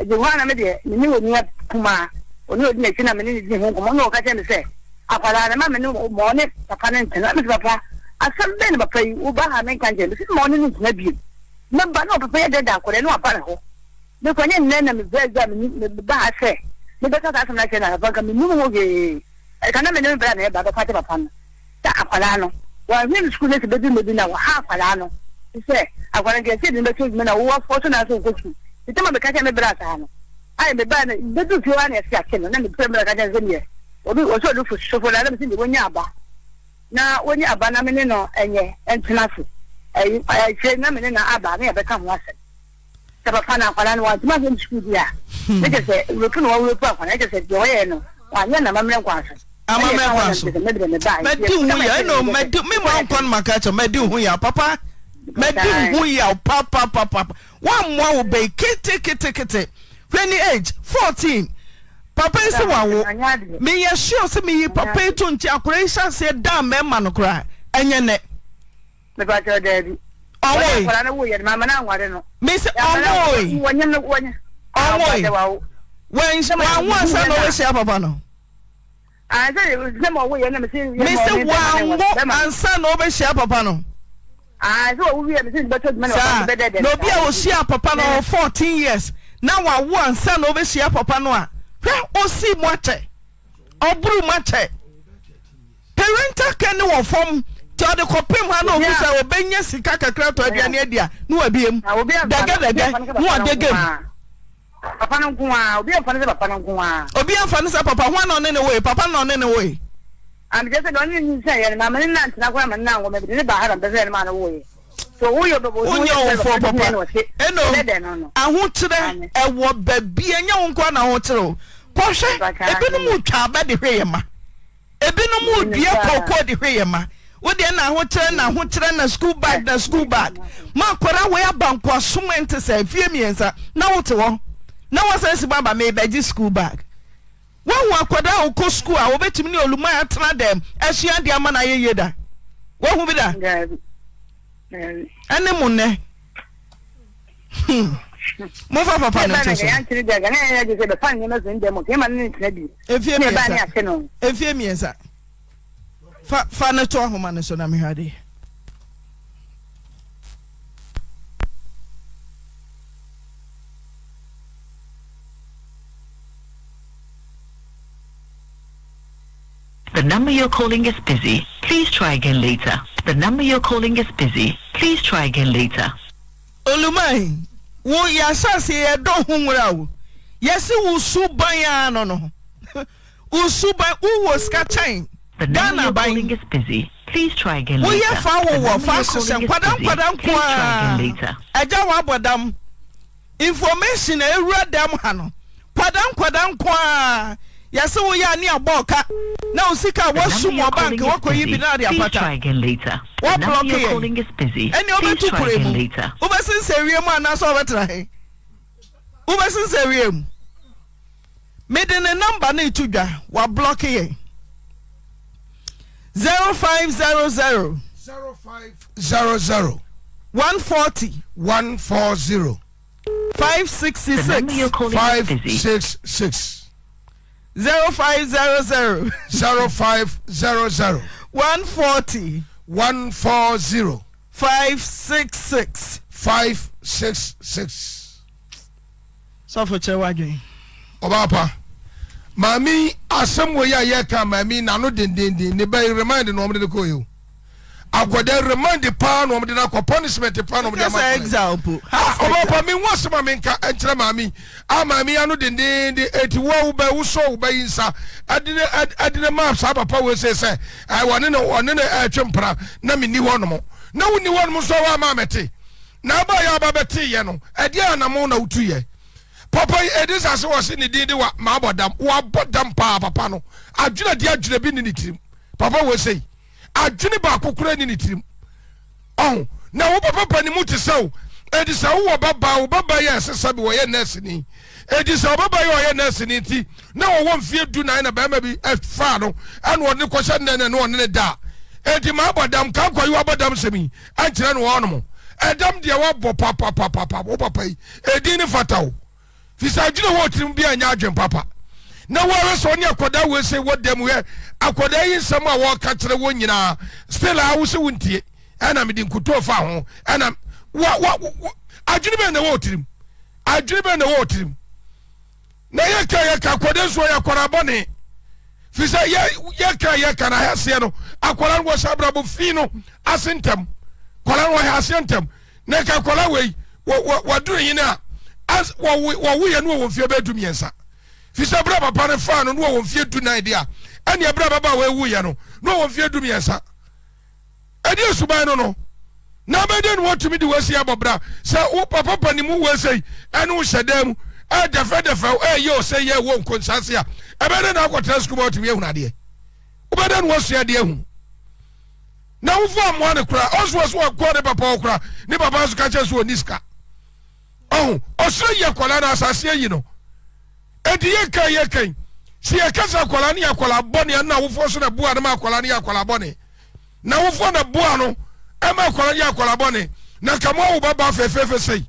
ɛdi hɔ anam deɛ ne ne onua kuma one odi n'akyi na me ne di ho nkɔmɔ ne ɔka kyɛn mi sɛ akwadaa ne ma me ma ɔne papa ne ntɛn ɛmi papa asɛm bɛn ne papa yi o ha me nka nkyɛn mi ma ɔne ne ntɛn bie ne ba ne ɔpapa yɛ dɛdɛ akwadaa ne wapa ne ho ne kɔ nnɛ na me bɛ ha sɛ me bɛ asɛm na kyɛn na papa nka me nu hee ɛka na me ne me na yɛ ba bɛ papa no sɛ akwadaa no wɔn ahwɛ sukuu ne sɛ bɛ bi mo bi na akwadaa no sɛ akwadaa nkɛse ne bɛ to edwuma na wɔwɔ so na asɛ okɔ sukuu nti ma meka me berɛ saa no ayɛ meba no bɛdu fie hɔ ɛsi akye no na mepɛ mmerɛ ka sɛ neɛ ɔsɛ ɔde sofo no adam sɛ ne aba na wɔnya aba na mene no ɛnyɛ ɛntena so ɛkyerɛ na mene na aba hmm. na yɛbɛka ho asɛm sɛ papa no akwara no wantoma sɛ msukuu bi a ne sɛ wuropu na wɔwuropu akwara ne sɛ deɛ ɔyɛ no wanyɛ na mammerɛ nkwa so amammerɛ nkwa so mɛdi hu yɛ ɛnna mɛdi mɛmɔ nkɔ no maka kyɛ mɛdi hu yɛ papa mɛdi nhu yaw papapapa wammoa wo bɛyi keteketekete hwɛni age fourteen papa yi sɛ wawo meyɛ sure sɛ meyi papa yi to nkyɛn akora yi hyɛaseɛ da mɛma no koraa ɛnyɛ nɛ. mepatɛ daabi. ɔwɔ yi mesi ɔwɔ yi ɔwɔ yi wɔn wɔn ansa na wɔn ahyia papa no. mesi wɔn anwo ansa na wɔn ahyia papa no na obi a wɔhyia papa no wɔ fourteen years na wawo ansa na obɛhyia papa no a hwɛ osi mu akyɛ ɔburu mu akyɛ parental care ne wɔ fam tí ɔde kɔ pem ha na ofu sɛ obɛnya sika kakra tɔ aduane adi a ne wa biem dɛgɛdɛgɛ ne wa de gam. papa no nko a obi amfa ne sɛ papa no nko a. obi amfa ne sɛ papa ho a na ɔne ne woe papa na ɔne ne woe amjasa da wani yin sai yana mamani nan kwa mamani nan gome bidini ba haram da zai ma na woye to wuyo ba bozo wuyo ba fo papa eno ahotire ewo babi enye wo eh, kwa na ahotire o kɔhwɛ ebinom twa aba de hwɛ yɛ ma ebinom dua kɔkɔɔ de hwɛ yɛ ma wodeɛ na ahokyerɛ na ahokyerɛ na school bag na school bag ma akwaraa wɔ yɛ abankoasom nte sɛ fie mmiɛnsa na wote hɔ na wɔsan si ba ba ma ebɛgye school bag woahu akwadaa a wokɔ skuul a wobɛtumi ne oluma atena ama na da woahu bi da ɛne mo nnɛ hmm. papa no nkyɛ so ɛfie miɛnsa fa ne to ahoma no so na mehwɛ adeɛ number you're calling is busy. Please try again later. The number you're calling is busy. Please try again later. Olumai, wo yasa se edo hunra wo. Yesi wo suban ya no no. Wo (laughs) suban wo wo ska chain. The number you're calling is busy. Please try again later. Wo ye fa wo wo fa sese nkwadan nkwadan kwa. Please try again later. Eja wa bodam. Information e wura dam ha no. Kwadan kwadan kwa yɛsɛ woyɛ a ne abɔ ɔka na wo sika a woasum wɔ bank woakɔyi bi no ade apata woblɔke yɛ ɛne wobɛtu kure mu wobɛsensɛ wie mu anaasɛ wobɛtena he wobɛsensɛ wie mu mede ne namba no ɛtu dwa wablɔke yɛ 0500 0500 140 140 566 566 zero five zero zero. zero five zero zero. one forty. one four zero. five six six. five six six. sọfọ kyerẹ wá dùn. ọba apa maami asẹmu oyi a yẹ ka maami nanu dendenden ne bẹ remind na ọmọdé kò yẹ o akɔda remand paa na ɔmde no akɔ punishment paa na ɔmde ama example ɔba pa me nwa sɛma menka nkyerɛ maame a maame ano dendeende ɛti wo wo bɛ wosɔ wo bɛyi nsa ɛde ne maa saa papa wei sei sɛ ɔne ne ɔne ne ɛtwe mpra na menni hɔ nom na wonni hɔ nom nso wɔ ama mɛte na aba yɛ aba bɛteyɛ no ɛdeɛ anamo na wotuyɛ papa yi ɛde sase wɔ se ne din de wa maabɔ dam wabɔ dam paa papa no adwena deɛ adwena bi ne ne tirim papa wei sei adwene baako kura ni ne tirim ɔn na wo papa pa ne mu te sɛw edi sɛ wowɔ baba wo baba yɛ ɛsesa bi wɔyɛ nɛɛse ni edi sɛ wo baba yɛ ɔyɛ nɛɛse ni ti na wɔwɔ mfie du nan na bɛrima bi ɛfa no ɛna ɔne kɔhyɛ nnɛ na ɔne ne da edi ma abɔ dam kan kɔ yi wa abɔ dam sɛm yi ɛnkyerɛ no wɔn nom ɛdam deɛ wɔbɔ papapapapa wo papa yi edi ne fata o fisa adwene wɔ tirim bi a nyɛ adwen papa. na wɔre sɛ ɔne akɔda wei sɛ wɔdam yɛ akɔda yi nsɛm a wɔka kyerɛ wɔ nyinaa stil a wo sɛ wontie ɛna mede nkutoo fa ho ɛna adwene bɛn na wɔ tirim adwene bɛn na wɔ tirim na yɛka yɛka akɔda nso ɔyɛ akwadaa bɔne firi sɛ yɛka yɛka na hɛseɛ no akwadaa no wɔ sɛ abrabɔ fi no ase ntɛm kwadaa no wɔhɛ aseɛ ntɛm na ɛka akwadaa wei wɔduru yi no a wɔwoyɛ no wɔ wɔ fie bɛdu mmiɛnsa fisa bere papa no faa no na wɔwɔ mfie du nan deɛ a ɛne ɛbere baba a wɔawu yɛ no na wɔwɔ mfie du mmiɛnsa ɛde asuban no no na bɛdeɛ no wɔtumi de wɔasi abɔ bra sɛ wo papa pani mu wɔasɛi ɛne wo hyɛ dan mu ɛdɛfɛdɛfɛ ɛyɛ ɔsɛ yɛ wɔ nkonsase a ɛbɛdeɛ na akɔtena sukuu ma wɔtumi ahunu adeɛ wobɛdeɛ no wɔasua adeɛ ahunu na wofo amoa ne kora ɔso ɔso ɔkɔ ne papa ɔkora ne papa nso ka kyerɛ sɛ ɔni sika ɔho ɔsoro yɛ kɔla no asase ayi no eti yɛ kan yɛ kan si yɛ kasa akwadaa ne yɛ akwadaa bɔne ɛna awofoɔ so na bua ne ma akwadaa ne yɛ akwadaa bɔne na awofoɔ na bua no ɛma akwadaa yɛ akwadaa bɔne na kama awo ba ba fɛfɛɛfɛ sɛyi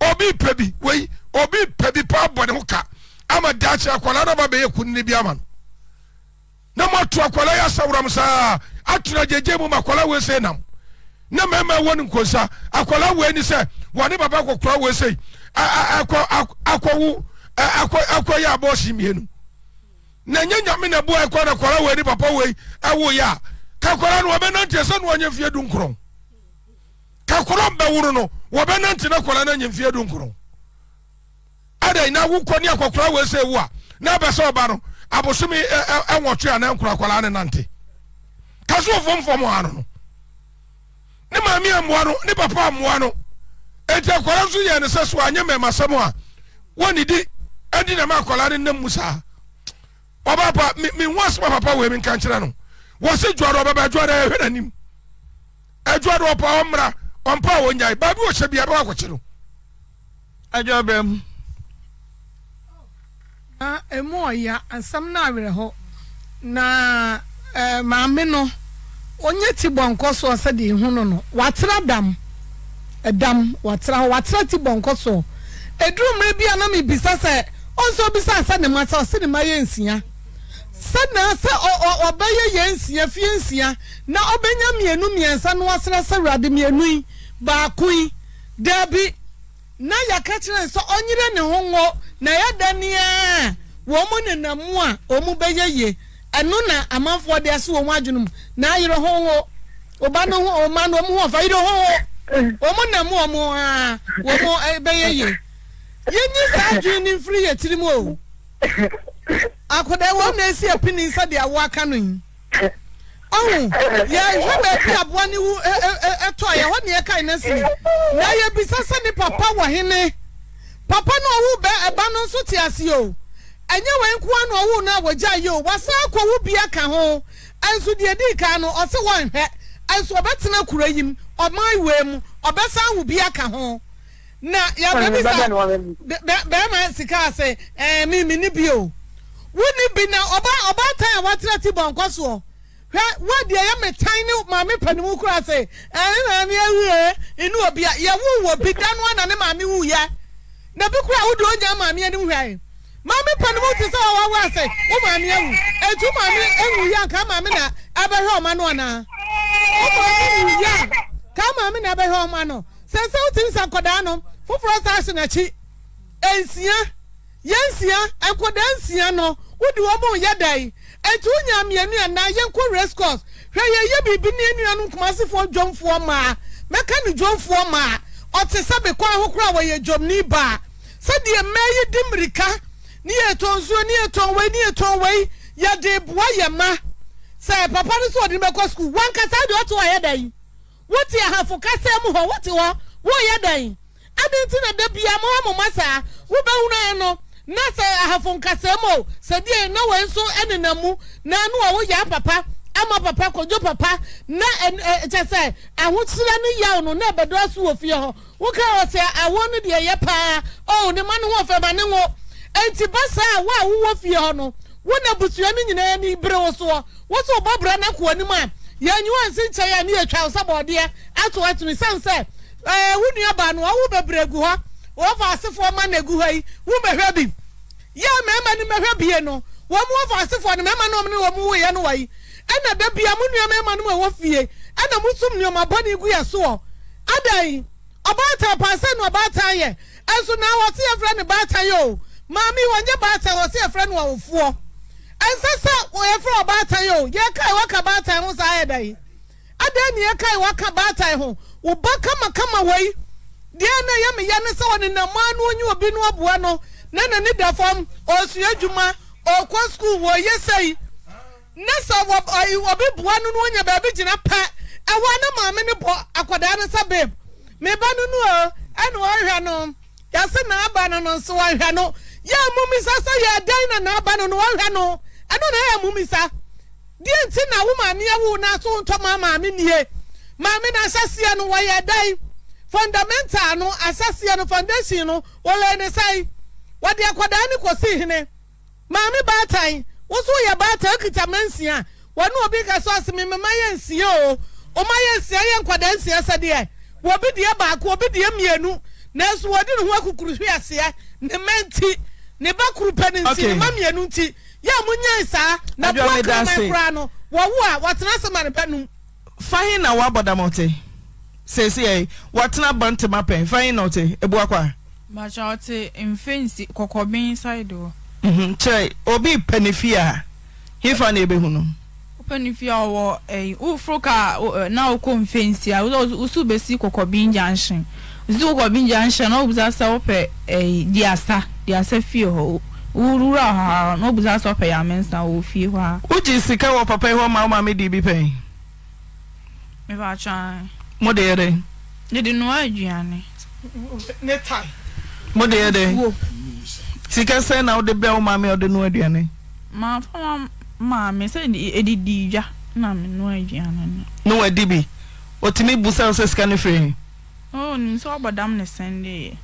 obi pɛ bi wei obi pɛ bi paa bɔ ne ho ka ama daakye akwadaa na ba bɛyɛ kunini bi ama no na mo ato akwadaa yɛ asawuram saa atuna gyegye mu ma akwaraa wei sɛ nam na mmarima wɔ ne nkonsa akwadaa wei ni sɛ wɔne baba akɔkora wei a akɔ akɔwu. akwa ya abụọ si mmienu na enye nyame na bua ɛkɔ na kɔla wei ne papa wee ɛwo ya a kakɔla no wɔbɛnante sɛ no wɔnyɛ mfie du nkorɔn kakɔla wuru no nante na kɔla na nyɛ mfie du nkorɔn adɛn na wokɔ ne akɔkɔla wee sɛ ewu a na abɛ sɛ ɔba no abosomi ɛwɔtwe ya na nkora kɔla na nante kaso fɔmfɔm ha no ne maami ammoa no ne papa ammoa no enti akɔla nso yɛ ne sɛ so anyɛ mɛmasɛm a wɔne di ati nɛma akɔla no nam mu saa ɔaameho soma papa w mi ka kyerɛ no wɔ sɛ wuade ɔbaaae ɛnn aua de ɔpa ɔ mmra ɔpa wɔyababi ɔhyɛ biaɛɔkye ro ɛmmu ɔya asɛm no werɛ hɔ na maame no ɔya ti bɔnkɔ s sɛdehun ntera m ọsọ bi sá sá ne ma sá ọsẹ ne ma yẹ nsia sa na sẹ ọ ọ ọbẹyẹ yẹ nsia fie nsia na ọbẹnya mienu mmiɛnsa na wasra sɛ wurade mmienu yi baako yi daabi na yaka kyerɛ sɛ ɔnyere ne ho ngo na yɛ daniɛ wɔn nenam mu a wɔn bɛyɛ yie ɛno na amanfoɔ de ɛso wɔn adwene mu na ayerɛ ho ngo ɔba no ho ɔma no wɔn ho ɔfa yere ho ngo wɔn nam wɔn a wɔn bɛyɛ yie. yɛnyi saa adwene ne mfiri yɛ tirim o akwadaa wɔn na esi epi n'isa nsa de aka no yi ya yɛhwɛ baabi aboa ne wu a ni ne ka no sini na yɛbisa sɛ ne papa wɔ hene papa no ɔwo bɛ ɛba no nso ase o ɛnyɛ na o wasa ka ho deɛ di no ɔbɛtena yi mu mu ka ho. na yabebisa bẹẹma sika ase ẹẹ eh, mi mi ni bi o wúni bi na ọba ọba tan a wàtúrà ti bọ̀ nkọ́ so hwẹ wọ́n di ẹ̀yẹ mi tan ni maame pẹ̀lú kura ase ẹ̀ẹ́ni eh, maame ewúrẹ́ inú obi a yẹ̀wù wò bi dánú ọ̀nà ni maame wù yẹ na bi kura awúdi oúnjẹ maame ẹni wù yẹ maame pẹ̀lú ti sẹ́ ọwọ́ wọ ase wọ́n maame ewu etu maame ewu yẹ nka maame na abẹ́hẹ́ ọ̀ma nù ọ̀nà wọ́n maame ewu yẹ nka maame na abẹ́hẹ́ ọ̀ma nù sẹ́sẹ́ wọ́n ti nsà nkọ̀dá nù foforɔ saa hyɛ n'akyi nsia yɛn nsia nkwadaa nsia no wodi wɔn mu yɛ dan etu nya mmienu ɛnan yɛn kɔ race course hwɛ yɛ yɛ biribi ne nua no nkumasefoɔ dwomfoɔ mmaa mɛka ne dwomfoɔ mmaa ɔte sɛ bɛkɔ ahokora wɔyɛ dwomni baa sɛdeɛ mmaa yi di mmirika ne yɛ tɔn nsuo ne yɛ tɔn wei ne yɛ tɔn wei yɛde boa yɛ ma sɛ papa ni so ɔde bɛkɔ sukuu wankasa deɛ ɔte wɔ yɛ dan wote ahafo kasa mu hɔ wote hɔ wɔyɛ dan adịn ti na da bia mo hɔ mo ma saa wobɛhu na yɛ no na sɛ ahafo nkasa o sɛ deɛ na wɔn nso nenam mu na ano a woyɛ apapa ama papa kɔdwo papa na kyɛ sɛ ahokyerɛ no yaw no na ɛbɛdɔ aso wɔ fie hɔ woka wɔ sɛ awo no deɛ yɛ paa o ne ma ne ho ɔfɛma ne ho enti basa a wo a wowɔ fie hɔ no wo na busua no nyinaa ni bere wo soɔ wo sɛ wobɔbra no akɔ anim a yɛnyiwa nsi nkyɛn a ne yɛtwa wo sɛ ato ato ne sɛn ee wunu ya ba na ọnwụ mebiri egwu ha wọfa asịfọ ọma na egwu ha yi wụ mehwe bi ya ma ema eme mehwe bie no wɔn wọfa asịfọ na mema na ọmụmụ wɔn wụ ya n'ụwa wayi ɛna da bia mu nneɛma ema no mu ɛwɔ fie ɛna mu tum nneɛma bɔ na egu ya soɔ adan ɔbaatan paase na ɔbaatan yɛ na wɔte baatan o maame baatan wɔte no ɔwofoɔ ɔbaatan yɛ o ụba kamakama wei deɛ na ɛyɛ ya na sɛ ɔnenam maa no onye obi no aboa no na n'ani da fam ɔsua adwuma ɔkɔ sukuu wɔyɛ sɛi na sɛ ɔbi boa no no onya baabi gyina pɛ ɛwɔ na maame ne bɔ akwadaa no sɛ babe meba no no o ɛna ɔhwɛ no yɛse na aba no no nso ɔhwɛ no yɛ amumisa sɛ yɛ ɛdan na n'aba no no ɔhwɛ no ɛno na ɛyɛ amumisa deɛ nti na wo maame awo na so ntɔ maa maame nie. maame na asaseɛ no wɔyɛ dan fundamental no asaseɛ no foundation no wɔlɛ ne sae wɔde akwadaa ne kɔsi hene maame baatan wosow yɛ baatan okita mansia wɔne obi ka so aseme mema yɛ nsia o ɔma yɛ nsia yɛ nkwadaa nsia sɛdeɛ wɔbi deɛ baako obi deɛ mmienu nanso wɔde ne ho akukuru hwi aseɛ ne mma nti ne ba kuru pɛ ne nti ne mma mmienu nti yɛ mo nya nsaa na boa kama kura no wɔwo a wɔtena asɛm anepɛ nom fahin na wabɔda ma ɔte seesi yɛ watena ma pɛn fahin na ebu ebua kwa. Màtsa ɔte mfe nsi kɔkɔ bin o. hɔ. Kyerɛ mm-hmm. obi pɛnifi eh, a hifa na ebe hunu. Pɛnifi a ɔwɔ ɛyi wofuru ka na ɔkɔ mfe nsi a ụzọ besi kɔkɔ bin junction wosu kɔkɔ bin junction na ɔbusa sɛ ɔpɛ ɛyi diasa diasa fie hɔ fie hɔ a. Wogye sika wɔ papa yi e ma di bi mebɛakyɛ ae mode yɛ dɛn dede noa aduane ne tae Mo yɛ dɛn sika sɛn na wode brɛ wo maame de noa aduane maafa ma maame sɛ ɛdidi ya na menoa aduane no ne wadi bi O ti sɛ wo sɛ sika no ni nim sɛ wabɔ dam ne sɛn deɛ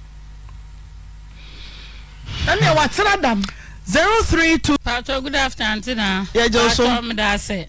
ɛne watera dam 032 patɔ good afternoon tina yɛgye wo so meda sɛ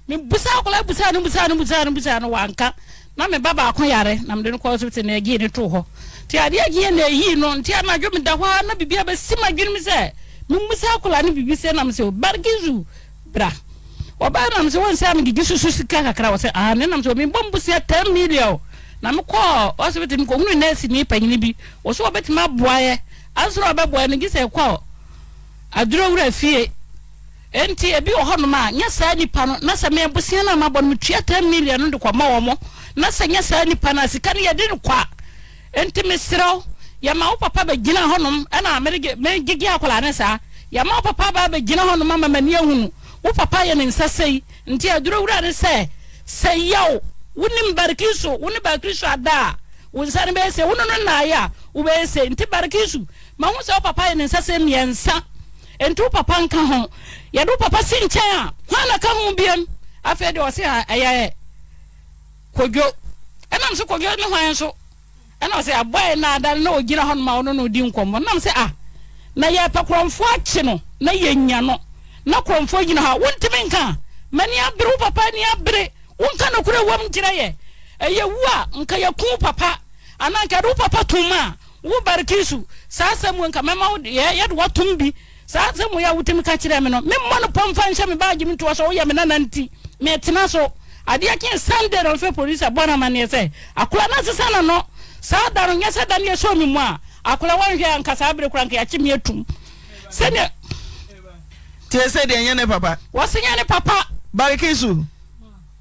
busa kula busa no busa no busa no busa no wanka na me baba baako yare na mede no kɔ hospital na ni ne to hɔ nti adeɛ agii na ɛyii no nti ama adwo meda hɔ a na biribi abɛsi ma adwene mu sɛ memusa akwadaa no biribi sɛ nam sɛ obargizu bra ɔbaa nam sɛ wɔn sɛ amegigi susu sika kakra wɔ sɛ ah ne nam sɛ mebɔ mbusia ten milio na mekɔ hospital mu kɔhunu nɛɛsi ne panyini bi wɔ so wɔbɛtumi aboaeɛ asoro ɔbɛboa ni gye sɛ ɛkɔ aduro wura fie enti ebi wɔ hɔnom a nyɛ saa nipa no na sɛ mɛ abusua no a mabɔ no tua ten million no de kɔ ma wɔn na sɛ nyɛ saa nipa no a sika no yɛde no kɔ a nti mesrɛw yɛma wo papa bɛgyina hɔnom ɛna megyegye akwadaa ne saa yɛma wo papa ba bɛgyina hɔnom ama m'ani ahunu wo papa yɛ ne nsa sɛyi nti aduro wura ne sɛ sɛ yaw wo ne mbariki so wo ada a wo nsa no bɛyɛ sɛ wo no naayɛ a wo bɛyɛ sɛ nti bariki ma ho sɛ wo papa yɛ ne nsa sɛ mmiɛnsa nti wo papa nka ho yɛde papa si nkyɛn a hwan na ka ho biam afei deɛ ɔse a ɛyɛ kodwo ɛnam sɛ kodwo ne hwan nso ɛna ɔsɛ abɔe na ada na ogyina hɔ noma ɔno na odi nkɔmmɔ nam sɛ a ah, na yɛpɛ kurɔmfoɔ akye no na yɛnya no na kurɔmfoɔ gyina hɔ a wontumi nka mani abere wo papa ani abere wonka no kora wam nkyerɛ yɛ ɛyɛ wu a nka yɛku papa anaa nka yɛde wo papa tom a wo barikiri so saa asɛm wo nka mɛma wo yɛde watom bi sasa mu ya wotumi ka kyerɛ me no memmɔ no pɔmfa nhyɛ me baagye me toa sɛ woyɛ me nana nti metena so adeɛ kye sunday na ɔfɛ polisi abɔna amanneɛ sɛ akora no asesa na no saa da no nyɛ sɛ da no yɛsɛ me mu a akora woanhwɛ anka saa bere kora nka yɛakye me atum sɛdeɛ tie sɛ deɛ papa wɔse nyɛ ne papa bariki so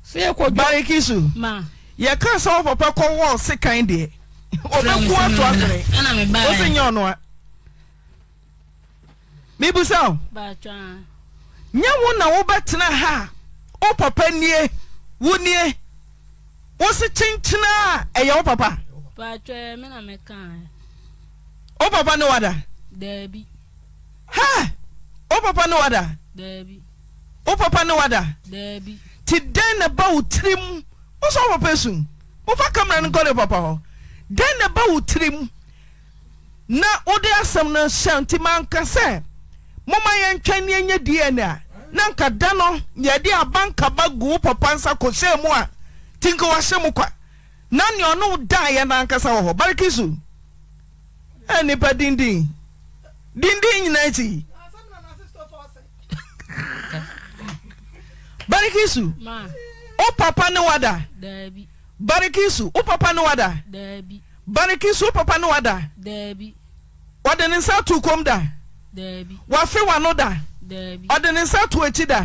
sɛ yɛkɔ bariki so yɛka sɛ wo papa kɔwɔɔ sekan deɛ ɔbɛku ato asene wo se nyɛ ɔnoa mebisa o nyɛ wo na wobɛtena ha a wo papa nie wo nie wo se kyenkyena a ɛyɛ wo papa wo papa ne wada ha wo papa ne wada wo papa ne wada ti dɛn na ba wo tirim wo sɛ wo papa sum wofa kamera no nkɔ ne papa hɔ dɛn na ba wo tirim na wode asɛm no hyɛ nti manka sɛ momma yɛntwɛ neanya diiɛne a na ankada no yɛde abanka ba gu wo papa nsa koseamu a tinke whye m kwa na nneɔne wo daa yɛ n'ankasa wɔ hɔ bareki s nnipa dinin dinin nyinaatibae spnddd wafe wano da ɔde ne nsa to akyi da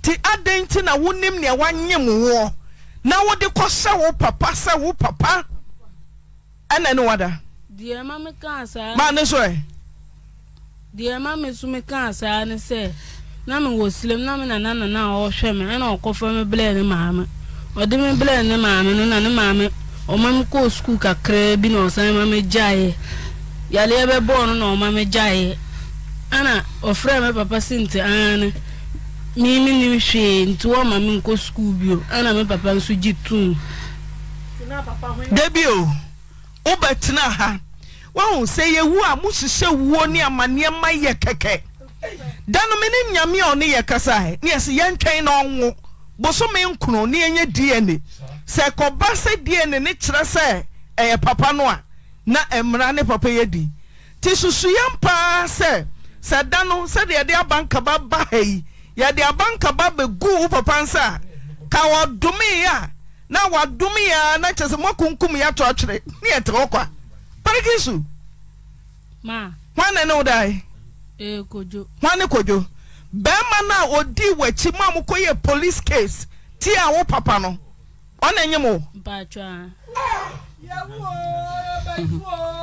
nti adɛn nti na wonim nea wanyim woɔ na wode kɔsɛ wo papa sɛ wo papa ɛna ne wada ma ne so ɛ deɛ ma me so mekaa saa ne sɛ na mewɔ silem na me nana nana a ɔhwɛ me ɛna ɔkɔfa me blɛ ne maame ɔde me blɛ ne maame no na ne maame ɔma me kɔɔ sukuu kakraa bi na ɔsan ma me gyaeɛ yaleɛ bɛbɔɔ no na ɔma me gyaeɛ ana ofra me papa si nti aane mimi nim hwee nti ma wɔma nko school bi o ana me papa nso gye tum dabi o wobɛtena ha wahu sɛ yɛwu a mohyehyɛ wuo ne ama nneɛma yɛ kɛkɛ da no me ne nyame a ɔne yɛ kasa ne yɛsɛ yɛntwɛn na ɔnwo bosome nkono ne yɛnyɛ dna sɛ kɔba sɛ dna ne kyerɛ sɛ ɛyɛ papa no a na emra ne papa yɛ di susu susuyɛm paa sɛ sɛ da no sɛde yɛde abankaba ba ha yi yɛde abankaba bɛgu wo papa nsa a ka wɔdome a na wɔadome yɛ a na kyerɛ sɛ moakunkum yɛ atɔtwerɛ ne yɛte hɔ kwa pariki so hwane ne wo dae hwane kodwo bɛrima no a ɔdii w'akyi ma e, mokɔyɛ police case ti a wo papa no ɔna enyim wo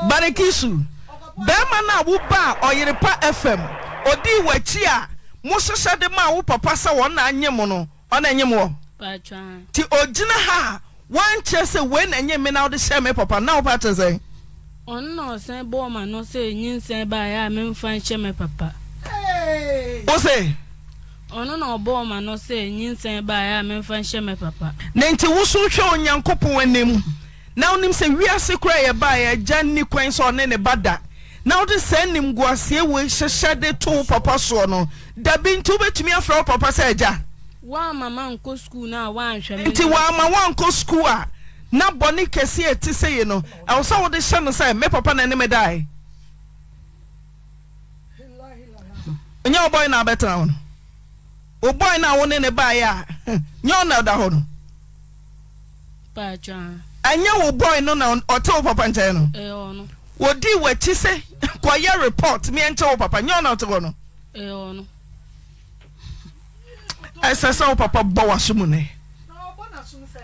barikisu bɛrima no a woba a ɔyerepa fm ɔdii w'akyi a mohyehyɛ de ma wo papa sɛ wɔn na anye mo no ɔna anyem wɔ nti ogyina ha a woankyerɛ sɛ wei na ɛnyɛ me na wode hyɛ me papa na wopa kyerɛ sɛn ɔno na ɔsan bọọma ma no sɛ nyinsɛn baeɛ a memfa nhyɛ me papa wo se ɔno na ɔbɔɔ ma no sɛ nsẹ baeɛ a memfa nhyɛ papa na nti woso hwɛ onyankopɔn anim na wonim sɛ wiase koraa yɛbaeɛ agya nni kwan sɛ ɔne ne ba da na wode saa nimguaseɛ wei hyehyɛ de to wo papa soɔ no dabi nti wobɛtumi afrɛ wo papa sɛ agya nti waama woankɔ skuul a na bɔne kɛseɛ ɛte sɛ yi no ɛwo sɛ wode hyɛ no sɛ me papa na ne me dae nyɛ wobɔe na abɛtena ho no wobɔe no a wo ne ne baeɛ a (laughs) nyɛ wo na ɔda hɔ no ɛnyɛ wo bɔe no na ɔte wo papa nkyɛn no wɔdii w'akyi sɛ nkɔyɛ report meɛnkyɛ wo papa nyɛ ɔna wotewɔ no ɛsɛ sɛ wo papa bɔ waso mu nɛ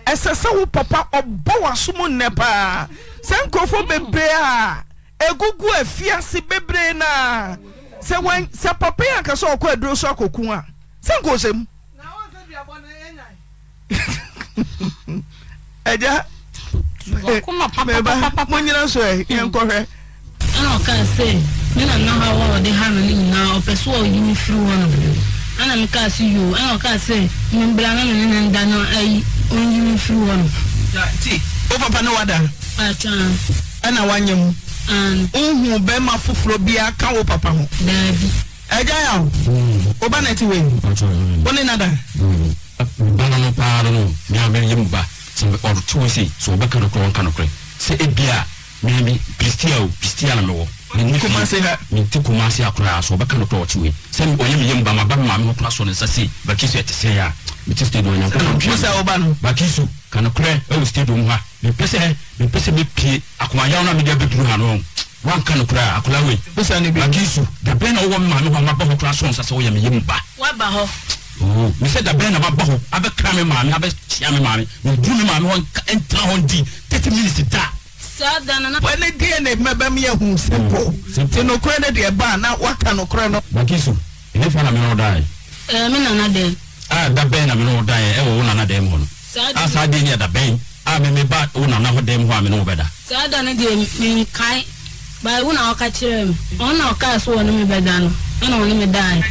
ɛsɛ sɛ wo papa ɔbɔ waso mu nnɛ paa sɛ nkurɔfoɔ bebree a egugu afiase e bebree na se wɔn sɛ papa yi aka sɛ ɔkɔ aduro so a sɛ nko sɛ mu. ɛgya (laughs) mɛba mo nyina e, ɛna ɔkaa sɛ ne na nna hɔ a ɔde ha no ne nyinaa ɔpɛ so a ɔyi me firi hɔ no ɛna mekaa so yoo ɛna ɔkaa sɛ membra na mene ne nda no ayi ɔnyi me firi hɔ no nti wo papa ne wada atwa ɛna woanyɛ mu wohu bɛrima foforɔ biaa ka wo papa ho daabi ɛgya ya mm. wo woba na ɛte wei wo ne nada mm. ba no no paa no no meabɛyɛ mu ba sɛ ɔto wei sei sɛ wɔbɛka nokorɛ wɔnka nokorɛ sɛ ɛbia biribi pistia o pistia na mewɔ kumase ha mente kumase ha koraa so ɔbɛka no korɔ ɔkye wei sɛ ɔyɛ meyam ba maba mema me hɔtona so ne nsa se bakiso ɛte sɛ a mete stadium onyankopɔn bakiso ka no korɛ ɛwɔ stadium ha mepɛ sɛ mepɛ sɛ mɛpie akomayaw no a mede abɛduru ha no wanka no koraa akora wei bakiso dabɛn na wowɔ me maame hɔ a mi hɔtona so nsa sɛ woyɛ meyam ba mesɛ dabɛn na maba hɔ abɛkra me maame abɛkyea me maame mebu me maame hɔ ɛntena hɔ ndi 30 minutes da saa da no na. wɔne deɛ na ne yɛ hu simple nti nokorɛ no deɛ baa na waka nokorɛ no. bakisu ɛne fa na me no dae. ɛɛ mi nana dɛ. a da bɛn na me no dae ɛwɔ wo nana dɛm hɔ no. saa de a saa deɛ ne yɛ da bɛn a me me ba wo nana hɔ dɛm hɔ a me no wo bɛda. saa da no deɛ me nkae baa wo na ɔka kyerɛ mi ɔn na ɔka so wɔ ne me bɛda no ɛna wɔ ne me dae.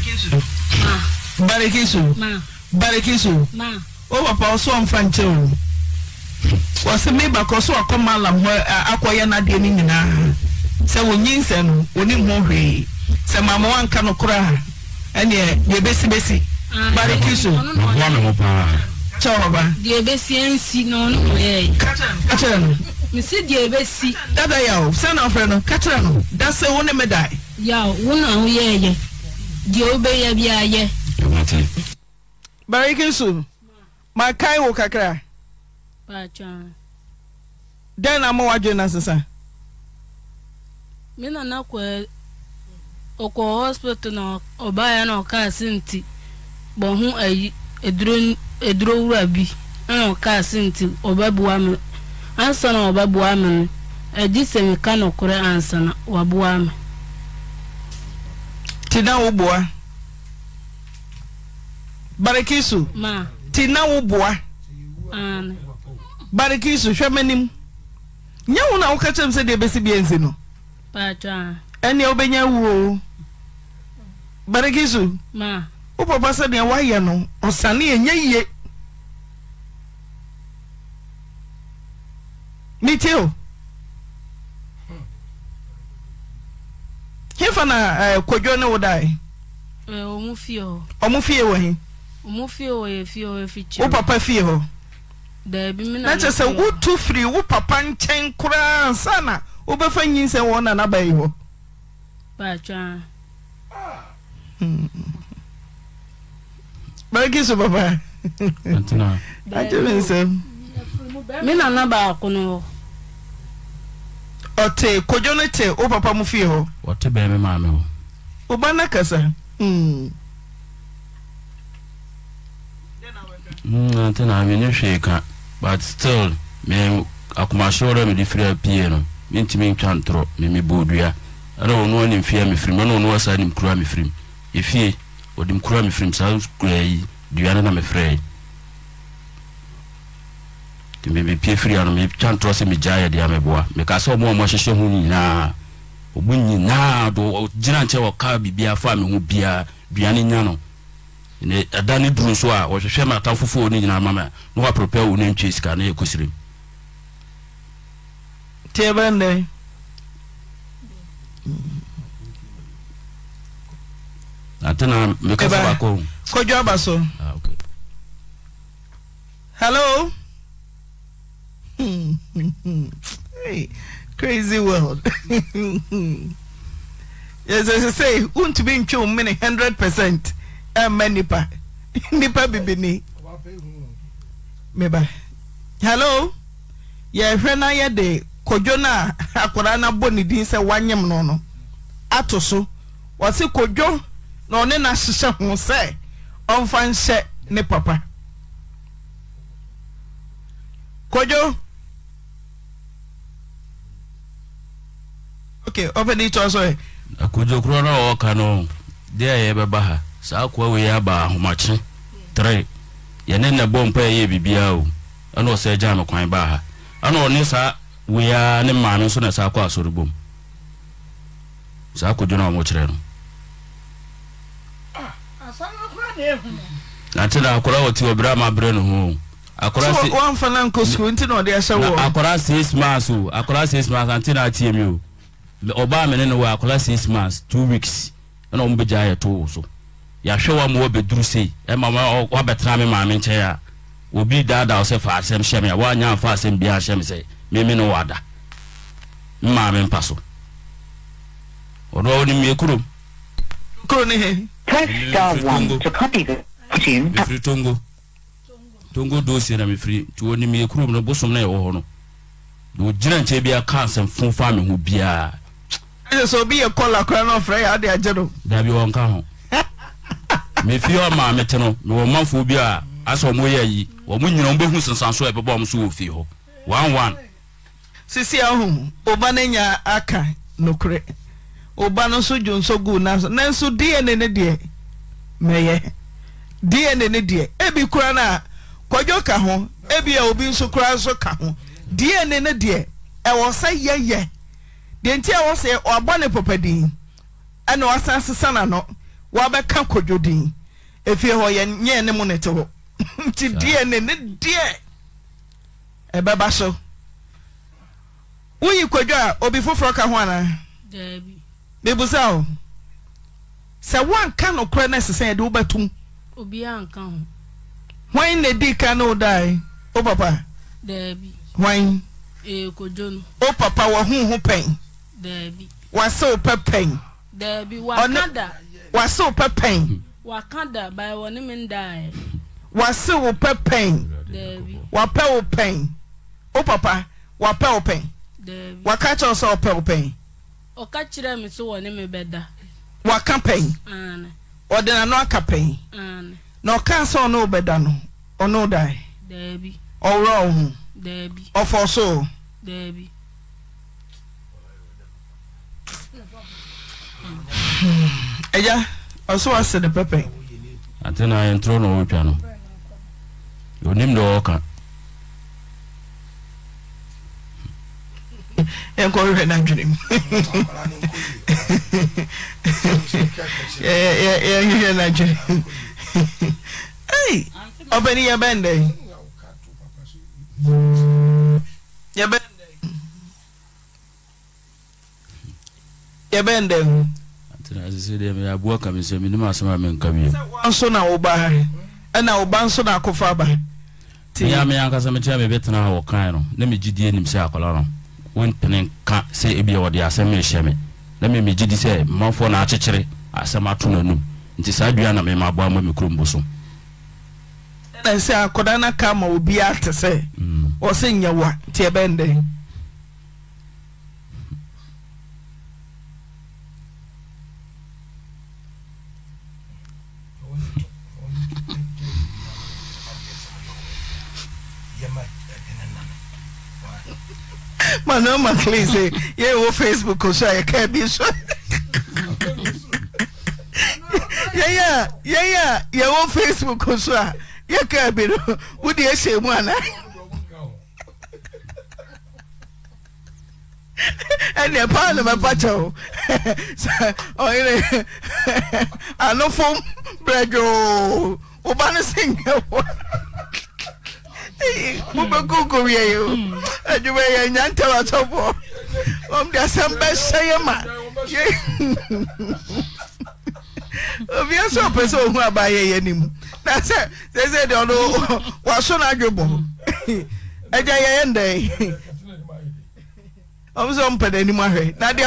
barikisu barikisu o papa ɔsɔ nfa nkyɛn o wɔsi mi bakɔ so akɔ malam hɔ akɔyɛ n'adeɛ no nyinaa sɛ wonyi nsɛm no onim ho hwee sɛ maama wanka no koraa ɛneɛ deɛ besibesi bariki so kyɛ ɔba. deɛ besi ensi na ɔno yɛ. kakyɛrɛ no. misi eh. deɛ besi. dada yaw sɛ na ɔfrɛ no kakyɛrɛ no dasɛ wo ne mi da. yaw wo na ho yɛ yɛ deɛ wo bɛ yɛ bi ayɛ. bariki so ma kan wo kakra. dɛn na ma wadwe na sesa mi na kɔ ɔkɔ hospital na ɔbaa na ɔkaa se nti bɔn ho ayi eduro eduro wura bi ɛna ɔkaa se nti ɔbɛboa mi ansa na ɔbɛboa mi no agyi sɛ mi ka ansa na waboa mi. ti na wo boa barikisu ma ti na wo boa. barekiso hwɛ m'anim nyɛ wo na woka kyerɛ m sɛ deɛ bɛsi bia nsi no ɛnea wobɛnya wuo barekiso wo papa sɛ deɛ woayɛ no ɔsane ɛnya yie metio hefa na eh, kodwo ne wo dae eh, ɔmo fie wɔ he wo papa fie hɔ na kyerɛ sɛ firi wo papa nkyɛn koraa nsa na wobɛfa wɔ na nabayi hɔ bariki (laughs) so papa nsɛm me nana baako no hɔ ɔte kodwo no te wo papa mu fie hɔ ɔte bɛɛ me maame hɔ woba na kasa hmm. hmm, nti but still me akomahyew dɛ mede firi apie no mentumi ntwa ntorɔ meme bɔ odua ɛna ɔno anim fie a mefirim ɛna ɔno asaa nim kura mefirim ɛfie e ɔdim kura mefirim saa kura yi dua no na mefrɛ nti mepie firi ano metwa ntorɔ sɛ megyaeɛ deɛ meboa meka sɛ ɔma ɔma hyehyɛ ho nyinaa ɔmu nyinaa do gyina nkyɛ wɔka biribiaa fa me ho biaa duane nya no ne ɛda ne duru nso a wɔhwehwɛ ma atam foforɔ no nyinaa ma me a na wɔapropɛ wo ne ntwe sika ne ɛkɔsirim nti ɛbɛn dɛn atena mekasa baako kɔdwo aba so ah, hello hey, crazy world yɛsɛ sɛ sɛ wontumi ntwe wo mene hundred percent ɛmɛ nipa (laughs) nipa bibini meba hello yɛhwɛ na yɛ de kodwo no a akwadaa no abɔ ne din sɛ wanyem no no ato so wɔse kodwo na ɔne no ahyehyɛ ho sɛ ɔmfa nhyɛ ne papa kodwo ok ɔpɛ de tɔ sɛ akodwo korɔ no a no deɛ a yɛbɛba ha saa akoa wei aba ahomakye tre yɛne na bɔ mpa yɛ biribiaa o ɛna ɔsɛ gya no kwan baa ha ɛna ɔne saa wei a ne maame nso na saa kɔ asɔre bom saa kodwo no a wɔkyerɛ no nate na akora wɔte ɔbrɛ ama berɛ no ho akora se wɔmfa na na ɔde ɛhyɛ akora six months o akora six months ante na atie mi o ɔbaa mene ne wɔ akora six months two weeks ɛna wɔn bɛgya ayɛ too so. yɛahwɛ wa ma wabɛduru sei ma wabɛtena me maame nkyɛn a obi daadaa sɛ fa asɛm hyɛ me a woanya amfa asɛm biaa hyɛ me sɛ meme ne wada maame mpa so ɔdɔ wo ne mmie kurom kuro ne he mefiri tongo tongo dosie na mefiri nti wɔ ne mmie kurom no bosom na yɛwɔ hɔ no na ɔgyina nkyɛn biaa ka asɛm fomfa me ho biaa ɛsɛ sɛ obi yɛ kɔla koraa na ɔfrɛ yɛ ade agye no daabi wɔnka ho mefie ɔma mete no mewɔ manfoɔ bi a asɛ ɔmo yɛ yi wɔn nyina wɔbɛhu sensan so a ɛbɛbɔ ɔmo so wɔ fie hɔ one one. sisi ahu oba ne nya aka nokorɛ ụba no nso dwo nso gu nanso nanso dna ne deɛ mɛyɛ dna ne deɛ ebi kura na kwadwo ka ho ebi a obi nso kura nso ka ho dna ne deɛ ɛwɔ sɛ yɛyɛ deɛ nti a wɔsɛ ɔabɔ ne pɔpɛdin ɛna wasan sisa n'ano. wabɛka kodwo din efie hɔ yɛ nyɛ ne mu ne te hɔ (laughs) nti deɛ ne ne deɛ ɛbɛba so woyi kodwo a obi foforɔ ka ho anaa bibusa o sɛ woanka nokorɛ no ɛsesɛ yɛde wobɛtum hwan na di ka ne wo dae wo papa hwan eh, wo papa wɔ ho ho pɛn wasɛ wo pɛ pɛn ɔne wase wo pɛpɛn wase wo pɛpɛn wapɛ wo pɛn O papa wapɛ wo pɛn waka kyerɛ sɛ wopɛ wo pɛn ɔka kyerɛ me so wɔ ne me bɛda waka pɛn ɔde n'ano aka pɛn na ɔka sɛ ɔne wo bɛda no ɔne wo dae ɔworɔ wo ho ɔfɔ so Hmm ɛgya ɔso ase ne pɛpɛ ate na ayɛ ntoro na ɔretwa no onim deɛ ɔreka yɛnkɔhwɛ no adwene mu yɛhwehwɛ no adwene mu ɔbɛni yɛbɛn dɛn yɛbɛn dɛn yɛbɛn dɛn asese deɛ meyɛ aboa ka me sɛ menim asɛm a menka bio nso na woba ha ɛna woba nso na akɔfa aba meya me ankasa mekyerɛ mebɛtena ha wɔ kan no na megyedie nim sɛ akɔla no wontene nka sɛ ebia wɔde asɛm mehyɛ me na memegye di sɛ mafoɔ na akyekyere asɛm ato n'anum nti saa dua na mema aboa ma me kurom bo so na sɛ akɔda no ka ma obiaa te sɛ mm. ɔsɛ nyɛ wa nti ɛbɛn ma na ma clean say eh, yẹ wo facebook o so a yẹ ká so yẹyẹ yẹyẹ yẹ wo facebook o so a yẹ ká ẹbi no wò di ẹsẹ mu àná ẹnì ẹ̀pá ọ̀nà mẹ́pà kyẹ̀ o ọ̀yẹ́rẹ́ ànúfọ́ brẹ́dọ̀ ọba ní sìn yẹ mobɛkɔkɔwiɛ yɛ o adwuma yɛ nya ntɛm atɔboɔ ɔmde asɛm bɛhyɛ yɛ ma ya sɛ ɔpɛ sɛ ɔhu aba yɛyɛ ne mu na sɛ sɛsɛ na deɛ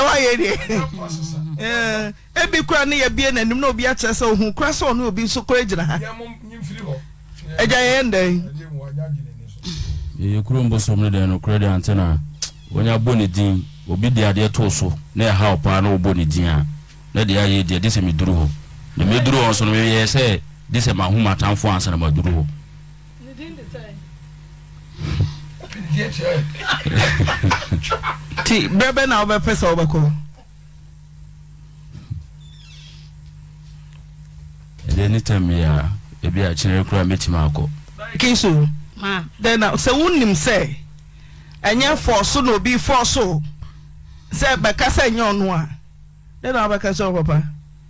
woayɛ deɛ ebi kora ne yɛbie n'anim na obi akyerɛ sɛ ohu kora sɛ ɔne obi nso gyina ha agya yɛyɛ ndɛn yɛkuro mbɔ sɔm no dɛn nokorɛ deɛ ante no a wɔnyɛ abɔ ne din obi de adeɛ too so na ha paa na wɔbɔ ne din a na deɛ ayɛ deɛ de sɛ meduru hɔ na meduru na maduru hɔ nti (laughs) na wobɛpɛ sɛ wobɛkɔ ɛdeɛ ne tam ebi akyerɛ akɔ kiso Ah. Uh, sɛ wonim sɛ ɛnyɛ fɔ so na obi fɔ so sɛ bɛka sɛ nyɛ ɔno a dɛn na wabɛka sɛ wo oh, papa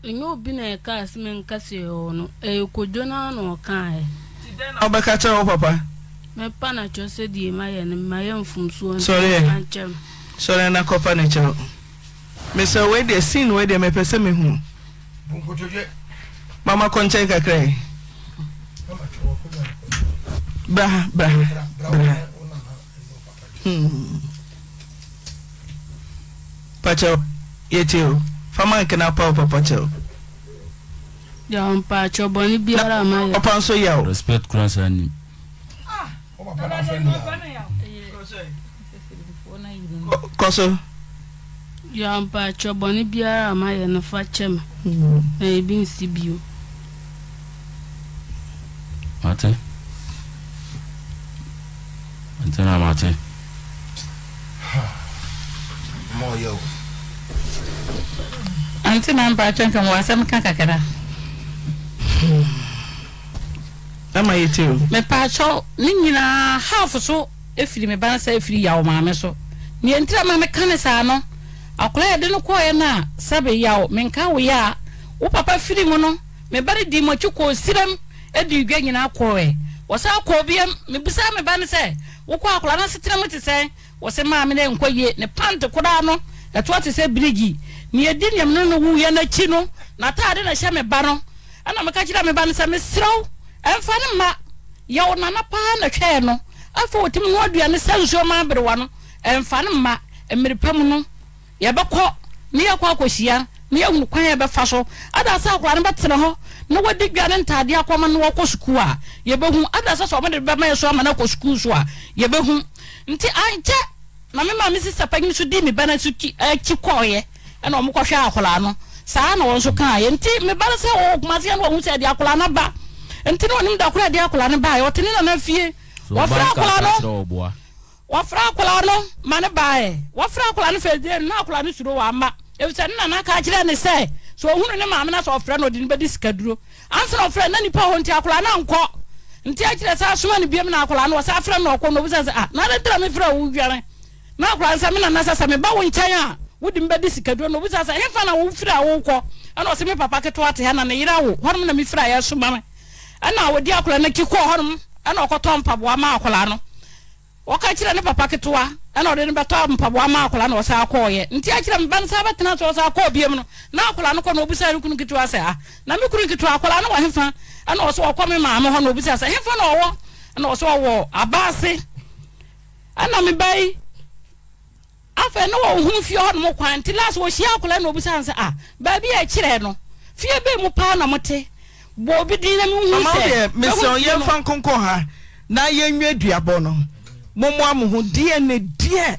ɛnyɛ obi na ɛka asɛm nka sɛ ɛwɔ no ɛyɛ kodwo no a na ɔkaeɛ na wobɛka kyerɛ wo papa mɛpa na kyerɛ sɛ die ma yɛ no mmayɛ mfomsoɔ nkyɛm sɔre na kɔpa ne kyerɛ mesɛ wei deɛ sin wei deɛ mepɛ sɛ mehu mama kɔ nkyɛn kakraa bra bra bra pakyɛw yɛtie o fama nkena pa o papakyɛw mpakyɛ boni biara mayɛ ɔpa nso yɛ o respect kora saa nim kɔ so yɛmpakyɛ bɔne biara mayɛ no fa kyɛ me na ebi nsi bio Mate. E e e nti na mate mɔyɛ o ante na mpa atwɛ nkɛm wɔasɛm ka kakra ama yɛte o mepaakyɛw ne nyinaa half so ɛfiri me ba no sɛ ɛfiri yaw maame so neɛ ntira ma meka ne saa no akora yɛde no kɔɔɛ no a sɛbe yaw menka woyɛ a wo papa firi mu no meba no dii mɔkyi kɔɔ siram adi dwa nyinaa kɔɔɛ wɔsa kɔɔ biam mebisa me ba no sɛ wo kɔ a kora no setere mu te sɛ wɔ se maa meɛ nkɔye ne pant koraa no ɛtoa te sɛ birigi ne yɛdi nnameno no woɛno kyi no na tade na hyɛ meba no ana meka kyirɛ meba no sɛ meserɛ wo ɛmfa ne ma yɛwo nana paa natwɛɛ no afi ɔtimi nodane sansuomaberewa no ɛmfa ne ma mirepa mu no yɛbɛ kɔ ne yɛkɔ akɔhyia na yɛhu kwan a yɛbɛfa so ada sɛ akora no bɛtena hɔ na wɔde dwa ne ntadeɛ akɔma na wɔkɔ sukuu a yɛbɛhu ada sɛ sɛ ɔmode bɛma yɛ so ama no akɔ sukuu so a yɛbɛhu nti ankyɛ na me maame sisa pa nso di me ba no akyi kɔɔyɛ ɛna ɔmo kɔhwɛ akwaraa no saa na wɔn nso kaa yɛ nti mi ba no sɛ wɔwɔ kumase na wɔn sɛ ɛde akwaraa no ba nti na wɔnim dakora ɛde akwaraa no ba yɛ ɔtene na n'afie wɔfrɛ akwaraa no wɔfrɛ akwaraa ba yɛ wɔfrɛ akwaraa no fɛ de na akwaraa no suro wɔn ama efisɛ ne nana ka kyerɛ ne sɛ so ohunu ne maame na sɛ ɔfrɛ no ɔde ne bɛdi sika duro ansa na ɔfrɛ na nipa hɔ nti akora na nkɔ nti akyerɛ sɛ asoma ne biam na akora no wɔsɛ afrɛ na ɔkɔ ah, na obisa sɛ a na adetira me frɛ wo wiare na akora nsɛ me nana sɛ sɛ me ba wo nkyɛn a wode me bɛdi sika duro no obisa sɛ hefa na wofiri a wokɔ ɛna ɔsɛ me papa ketewa te ha na ne yera wo hɔnom na mefiri a yɛsoma me ɛna wɔdi akora no ki hɔnom ɛna ɔkɔtɔ mpaboa ma akora no wɔka kyerɛ ne papa ketewa ɛna ɔde ne bɛtɔ mpaboa ma akwadaa na ɔsan akɔɔyɛ nti akyerɛ mu ban saa bɛtena so ɔsan akɔɔ biem no na akwadaa no kɔ na obisa ne kunu ketewa sɛ ah na me kunu ketewa akwadaa no wɔ hefa ɛna ɔsɛ ɔkɔ me maame hɔ na obisa sɛ hefa na ɔwɔ ɛna ɔsɛ ɔwɔ abaase ɛna me ba yi afɛ ne wɔ ohun fie hɔ nom kwan nti laas wɔhyia akwadaa na obisa sɛ ah baabi a ɛkyerɛ no fie bɛɛ mu paa na mo te bɔ obi din na me hu sɛ mama deɛ mesɛ yɛmfa na yɛnwie duabɔ no mụmụ mo ho ne deɛ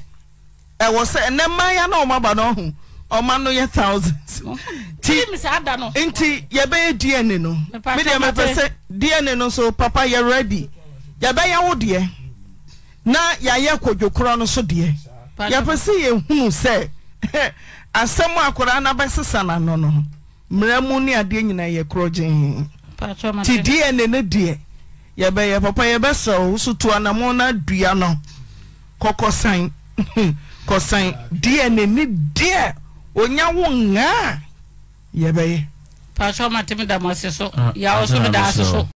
ɛwɔ eh, sɛ mma ya na ɔmaba no ɔho ɔma no yɛ thousands oh. nti yɛbɛyɛ dn no medeɛ mɛpɛ sɛ dn no so papa yɛ ready yɛbɛyɛ wo deɛ na yɛayɛ kodwokorɔ no so deɛ yɛpɛ sɛ yɛhunu sɛ (laughs) asɛm na n'ano no mmara ne adeɛ nyinaa yɛ korɔ yɛbɛyɛ papa yɛbɛsɛ wo so to anamɔ no adua no kɔkɔsan (laughs) kɔsan deɛ n'ani deɛ onya wo ŋaa yɛbɛyɛ. paatwa matemi da mo ase so ah, yawo so ah, mi da ase ah, so.